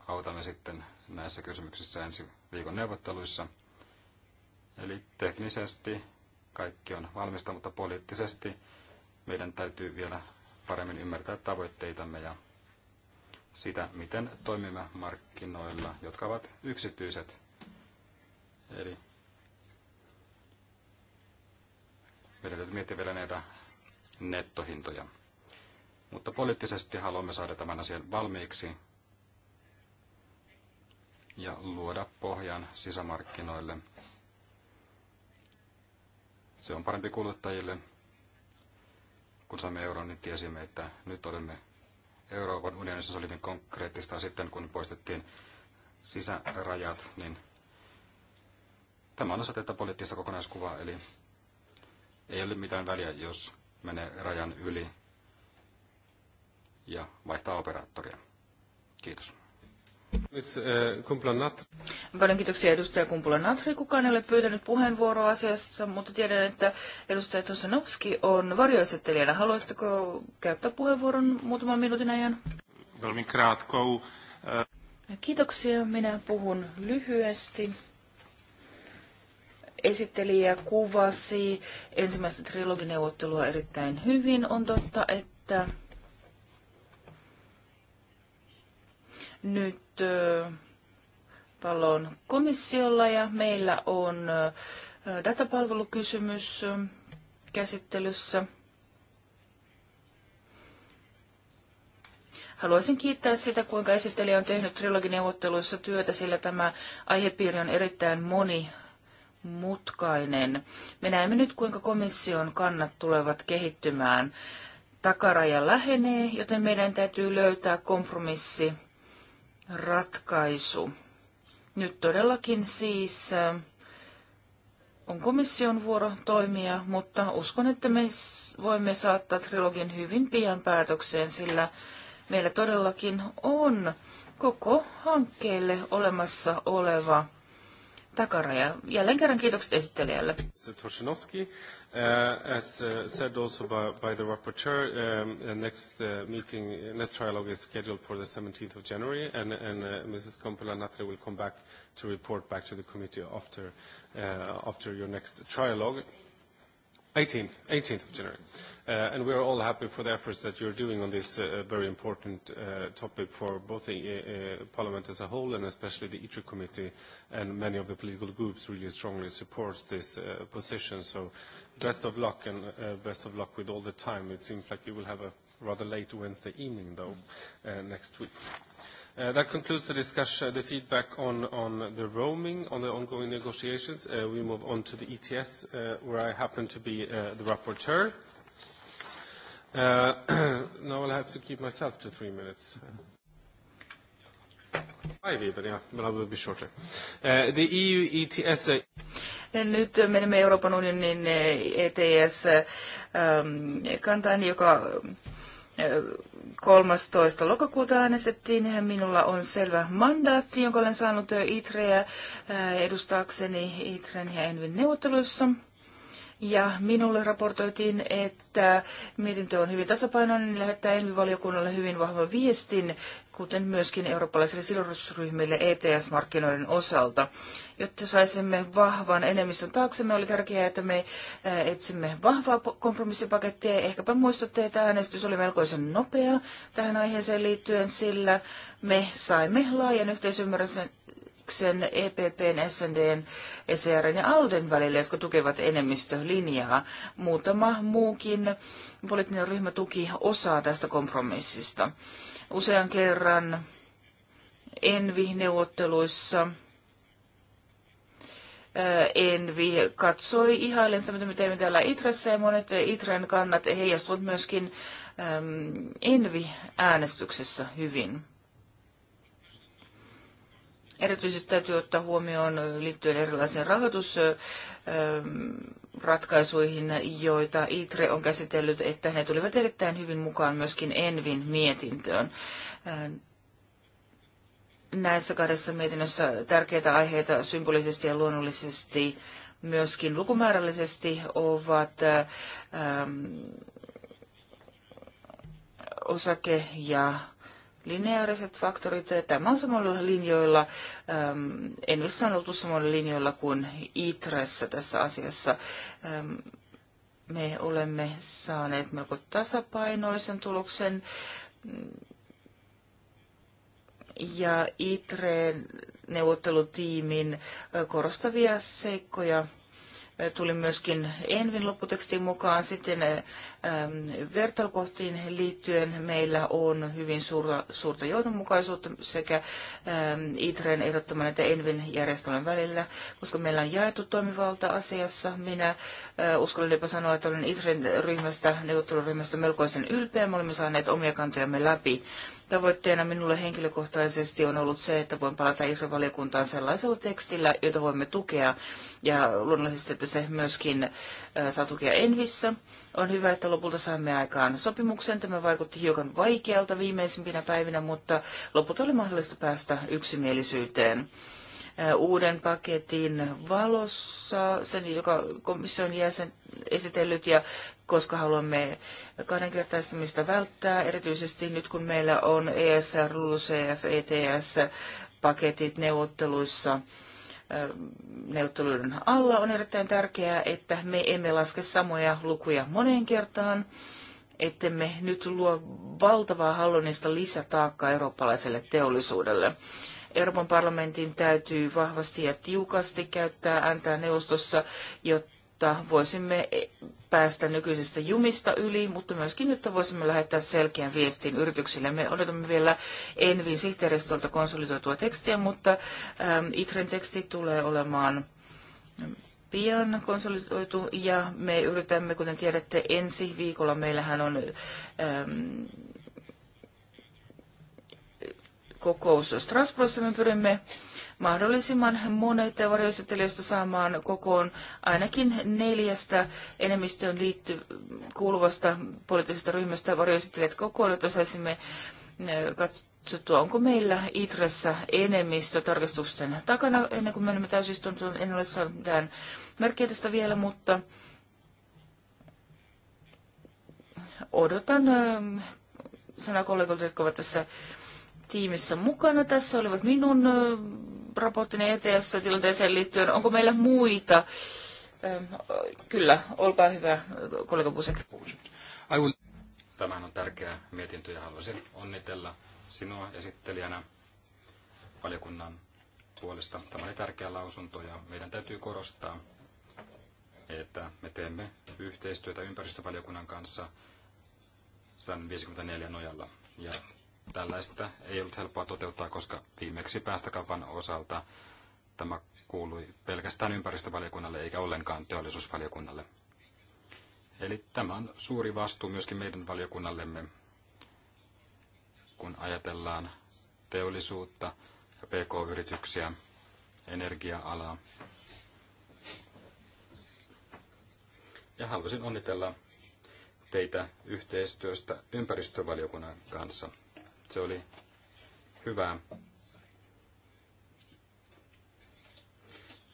B: autamme sitten näissä kysymyksissä ensi viikon neuvotteluissa. Eli teknisesti kaikki on valmista, mutta poliittisesti meidän täytyy vielä paremmin ymmärtää tavoitteitamme ja sitä, miten toimimme markkinoilla, jotka ovat yksityiset. Eli meidän täytyy miettiä vielä näitä nettohintoja. Mutta poliittisesti haluamme saada tämän asian valmiiksi ja luoda pohjan sisämarkkinoille. Se on parempi kuluttajille. Kun saimme euron, niin tiesimme, että nyt olemme Euroopan unionissa. Se oli niin konkreettista sitten, kun poistettiin sisärajat, niin tämä on osa tätä poliittista kokonaiskuvaa, eli ei ole mitään väliä, jos menee rajan yli ja vaihtaa operaattoria. Kiitos. Eh,
A: Paljon kiitoksia edustaja Kumpula Natri. Kukaan ei ole pyytänyt puheenvuoroa asiassa, mutta tiedän, että edustaja Tosanovski on varjoesittelijänä. Haluaisitteko käyttää puheenvuoron muutaman minuutin ajan? Eh. Kiitoksia. Minä puhun lyhyesti. Esittelijä kuvasi ensimmäistä trilogineuvottelua erittäin hyvin. On totta, että nyt pallon komissiolla ja meillä on datapalvelukysymys käsittelyssä. Haluaisin kiittää sitä, kuinka esittelijä on tehnyt trilogineuvotteluissa työtä, sillä tämä aihepiiri on erittäin moni mutkainen. Me näemme nyt, kuinka komission kannat tulevat kehittymään. Takaraja lähenee, joten meidän täytyy löytää kompromissi ratkaisu. Nyt todellakin siis äh, on komission vuoro toimia, mutta uskon, että me voimme saattaa trilogin hyvin pian päätökseen, sillä meillä todellakin on koko hankkeelle olemassa oleva takaraja. Jälleen kerran kiitokset esittelijälle. Toshinovski,
C: uh, as uh, said also by, by the rapporteur, um, uh, next uh, meeting, uh, next trialogue is scheduled for the 17th of January, and, and uh, Mrs. Kompola-Natre will come back to report back to the committee after, uh, after your next trialogue. 18th, 18th of January. Uh, and we're all happy for the efforts that you're doing on this uh, very important uh, topic for both the uh, uh Parliament as a whole and especially the ITRE committee and many of the political groups really strongly supports this uh, position. So best of luck and uh, best of luck with all the time. It seems like you will have a rather late Wednesday evening, though, uh, next week. Uh, that concludes the discussion, uh, the feedback on, on the roaming, on the ongoing negotiations. Uh, we move on to the ETS, uh, where I happen to be uh, the rapporteur. Uh, <clears throat> now I'll have to keep myself to three minutes. Five even, yeah, but I will be shorter. Uh, the EU ETS... Uh,
A: nyt menemme Euroopan unionin ETS-kantaan, eh, e ähm, joka 13. Eh, lokakuuta äänestettiin. Minulla on selvä mandaatti, jonka olen saanut eh, ITREä edustaakseni ITREn ja ENVin neuvotteluissa. Ja minulle raportoitiin, että mietintö on hyvin tasapainoinen, niin lähettää ENVI-valiokunnalle hyvin vahvan viestin kuten myöskin eurooppalaisille sidosryhmille ETS-markkinoiden osalta. Jotta saisimme vahvan enemmistön taaksemme, oli tärkeää, että me eh, etsimme vahvaa kompromissipakettia. Ehkäpä muistatte, että äänestys oli melkoisen nopea tähän aiheeseen liittyen, sillä me saimme laajan yhteisymmärryksen EPPn, SNDn, ECRn ja ALDEn välillä, jotka tukevat enemmistölinjaa. Muutama muukin poliittinen ryhmä tuki osaa tästä kompromissista usean kerran Envi-neuvotteluissa. Envi katsoi ihailen sitä, mitä me teemme täällä Itressä, ja monet Itren kannat heijastuvat myöskin Envi-äänestyksessä hyvin. Erityisesti täytyy ottaa huomioon liittyen erilaisiin rahoitus ratkaisuihin, joita ITRE on käsitellyt, että ne tulivat erittäin hyvin mukaan myöskin ENVin mietintöön. Äh, näissä kahdessa mietinnössä tärkeitä aiheita symbolisesti ja luonnollisesti myöskin lukumäärällisesti ovat äh, ähm, osake- ja lineaariset faktorit. Tämä on samalla linjoilla, ähm, en ole sanottu samalla linjoilla kuin ITREssä tässä asiassa. Ähm, me olemme saaneet melko tasapainoisen tuloksen. Ja itre neuvottelutiimin äh, korostavia seikkoja tuli myöskin Envin lopputekstiin mukaan. Sitten ähm, vertailukohtiin liittyen meillä on hyvin suurta, suurta johdonmukaisuutta sekä ähm, ITREn ehdottoman että Envin järjestelmän välillä, koska meillä on jaettu toimivalta asiassa. Minä äh, uskallan jopa sanoa, että olen ITREn ryhmästä, neuvotteluryhmästä melkoisen ylpeä. Me olemme saaneet omia kantojamme läpi. Tavoitteena minulle henkilökohtaisesti on ollut se, että voin palata israel valiokuntaan sellaisella tekstillä, jota voimme tukea. Ja luonnollisesti, että se myöskin äh, saa tukea Envissä. On hyvä, että lopulta saamme aikaan sopimuksen. Tämä vaikutti hiukan vaikealta viimeisimpinä päivinä, mutta lopulta oli mahdollista päästä yksimielisyyteen äh, uuden paketin valossa, sen joka komission jäsen esitellyt ja koska haluamme kahdenkertaistamista välttää, erityisesti nyt kun meillä on ESR, LULUCF, ETS-paketit neuvotteluissa neuvotteluiden alla, on erittäin tärkeää, että me emme laske samoja lukuja moneen kertaan, ettemme nyt luo valtavaa hallinnollista lisätaakkaa eurooppalaiselle teollisuudelle. Euroopan parlamentin täytyy vahvasti ja tiukasti käyttää ääntää neuvostossa, jotta jotta voisimme päästä nykyisestä jumista yli, mutta myöskin, jotta voisimme lähettää selkeän viestin yrityksille. Me odotamme vielä Envin sihteeristolta konsolidoitua tekstiä, mutta ähm, ITREn teksti tulee olemaan pian konsolidoitu ja me yritämme, kuten tiedätte, ensi viikolla meillähän on ähm, kokous Strasbourgissa. Me pyrimme mahdollisimman monet varjoesittelijöistä saamaan kokoon ainakin neljästä enemmistöön liitty kuuluvasta poliittisesta ryhmästä varjoesittelijät kokoon, jotta saisimme katsottua, onko meillä Itressä enemmistö tarkistusten takana ennen kuin menemme täysistuntoon. En ole saanut mitään merkkiä tästä vielä, mutta odotan sanakollegoilta, jotka ovat tässä tiimissä mukana. Tässä olivat minun raporttini eteessä tilanteeseen liittyen. Onko meillä muita? Kyllä, olkaa hyvä, kollega Busek.
B: Tämähän on tärkeä mietintö ja haluaisin onnitella sinua esittelijänä valiokunnan puolesta. Tämä oli tärkeä lausunto ja meidän täytyy korostaa, että me teemme yhteistyötä ympäristövaliokunnan kanssa SAN 54 nojalla. Ja Tällaista ei ollut helppoa toteuttaa, koska viimeksi päästökaupan osalta tämä kuului pelkästään ympäristövaliokunnalle eikä ollenkaan teollisuusvaliokunnalle. Eli tämä on suuri vastuu myöskin meidän valiokunnallemme, kun ajatellaan teollisuutta ja pk-yrityksiä, energia-alaa. Ja haluaisin onnitella teitä yhteistyöstä ympäristövaliokunnan kanssa. Se oli hyvää.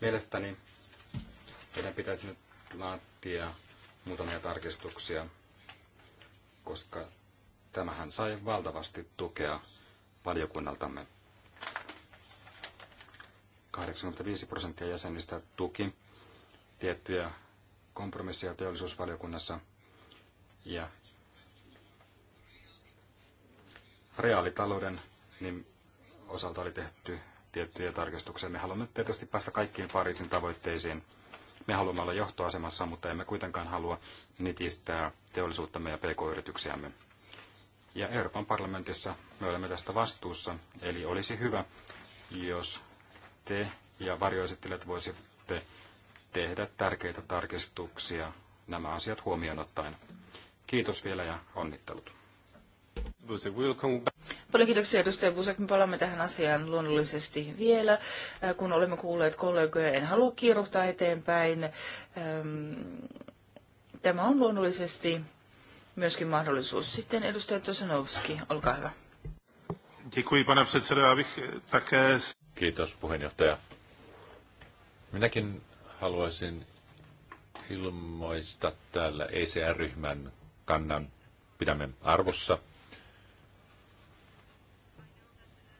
B: Mielestäni meidän pitäisi nyt laatia muutamia tarkistuksia, koska tämähän sai valtavasti tukea valiokunnaltamme. 85 prosenttia jäsenistä tuki tiettyjä kompromisseja teollisuusvaliokunnassa ja reaalitalouden niin osalta oli tehty tiettyjä tarkistuksia. Me haluamme tietysti päästä kaikkiin Pariisin tavoitteisiin. Me haluamme olla johtoasemassa, mutta emme kuitenkaan halua nitistää teollisuuttamme ja pk-yrityksiämme. Ja Euroopan parlamentissa me olemme tästä vastuussa, eli olisi hyvä, jos te ja varjoesittelijät voisitte tehdä tärkeitä tarkistuksia nämä asiat huomioon ottaen. Kiitos vielä ja onnittelut.
A: Paljon kiitoksia edustaja Busek. Me palaamme tähän asiaan luonnollisesti vielä, äh, kun olemme kuulleet kollegoja. En halua kiiruhtaa eteenpäin. Ähm, tämä on luonnollisesti myöskin mahdollisuus. Sitten edustaja Tosanovski, olkaa hyvä.
D: Eh, Kiitos puheenjohtaja. Minäkin haluaisin ilmoista täällä ECR-ryhmän kannan pidämme arvossa –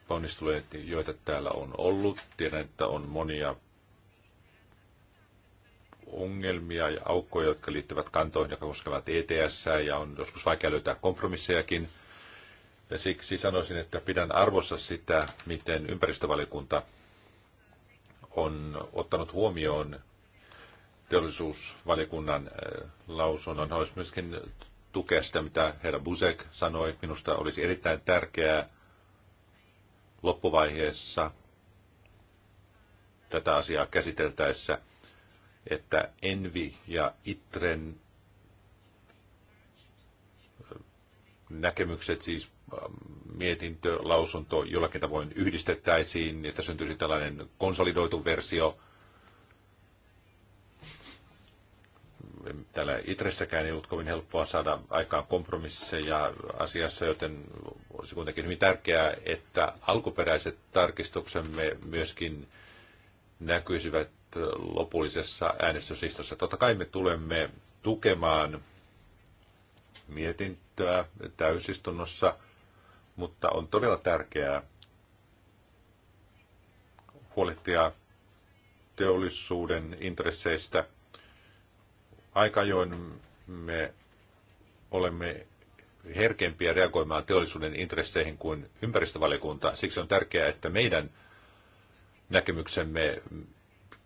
D: ponnisteluja, joita täällä on ollut. Tiedän, että on monia ongelmia ja aukkoja, jotka liittyvät kantoihin, jotka koskevat ETS, ja on joskus vaikea löytää kompromissejakin. Ja siksi sanoisin, että pidän arvossa sitä, miten ympäristövaliokunta on ottanut huomioon teollisuusvaliokunnan äh, lausunnon. Haluaisin myöskin tukea sitä, mitä herra Busek sanoi. Minusta olisi erittäin tärkeää loppuvaiheessa tätä asiaa käsiteltäessä, että Envi ja Itren näkemykset, siis ähm, mietintö, lausunto jollakin tavoin yhdistettäisiin, että syntyisi tällainen konsolidoitu versio – täällä Itressäkään ei ollut kovin helppoa saada aikaan kompromisseja asiassa, joten olisi kuitenkin hyvin tärkeää, että alkuperäiset tarkistuksemme myöskin näkyisivät lopullisessa äänestyslistassa. Totta kai me tulemme tukemaan mietintöä täysistunnossa, mutta on todella tärkeää huolehtia teollisuuden intresseistä – Aika ajoin me olemme herkempiä reagoimaan teollisuuden intresseihin kuin ympäristövaliokunta. Siksi on tärkeää, että meidän näkemyksemme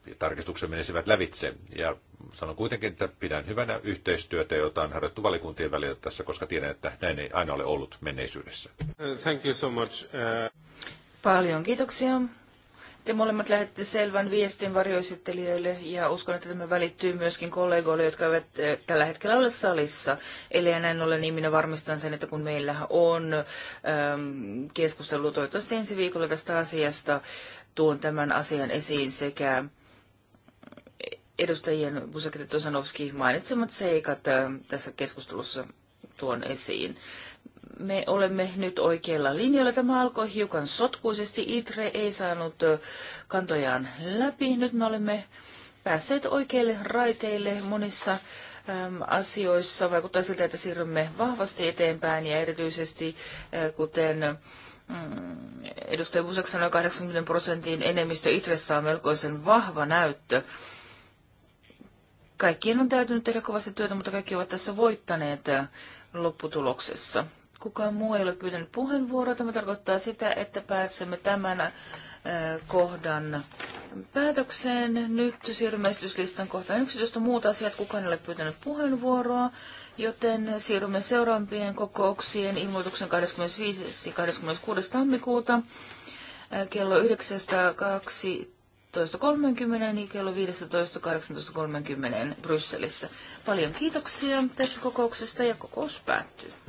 D: ja tarkistuksemme menisivät lävitse. Ja sanon kuitenkin, että pidän hyvänä yhteistyötä, jota on harjoittu valikuntien välillä tässä, koska tiedän, että näin ei aina ole ollut menneisyydessä.
C: Thank you so much. Uh...
A: Paljon kiitoksia. Te molemmat lähette selvän viestin varjoesittelijöille ja uskon, että tämä välittyy myöskin kollegoille, jotka eivät eh, tällä hetkellä ole salissa. Eli näin ollen niin minä varmistan sen, että kun meillä on äm, ehm, keskustelu toivottavasti ensi viikolla tästä asiasta, tuon tämän asian esiin sekä edustajien Busakete Tosanovski mainitsemat seikat eh, tässä keskustelussa tuon esiin me olemme nyt oikeilla linjoilla. Tämä alkoi hiukan sotkuisesti. ITRE ei saanut kantojaan läpi. Nyt me olemme päässeet oikeille raiteille monissa asioissa. Vaikuttaa siltä, että siirrymme vahvasti eteenpäin ja erityisesti kuten mm, edustaja Busek sanoi, 80 prosentin enemmistö Itressä on melkoisen vahva näyttö. Kaikkien on täytynyt tehdä kovasti työtä, mutta kaikki ovat tässä voittaneet lopputuloksessa kukaan muu ei ole pyytänyt puheenvuoroa. Tämä tarkoittaa sitä, että pääsemme tämän äh, kohdan päätökseen. Nyt siirrymme esityslistan kohtaan 11. Muut asiat, kukaan ei ole pyytänyt puheenvuoroa, joten siirrymme seuraavien kokouksien ilmoituksen 25. ja 26. tammikuuta äh, kello 9.2. ja kello 15.18.30 Brysselissä. Paljon kiitoksia tästä kokouksesta ja kokous päättyy.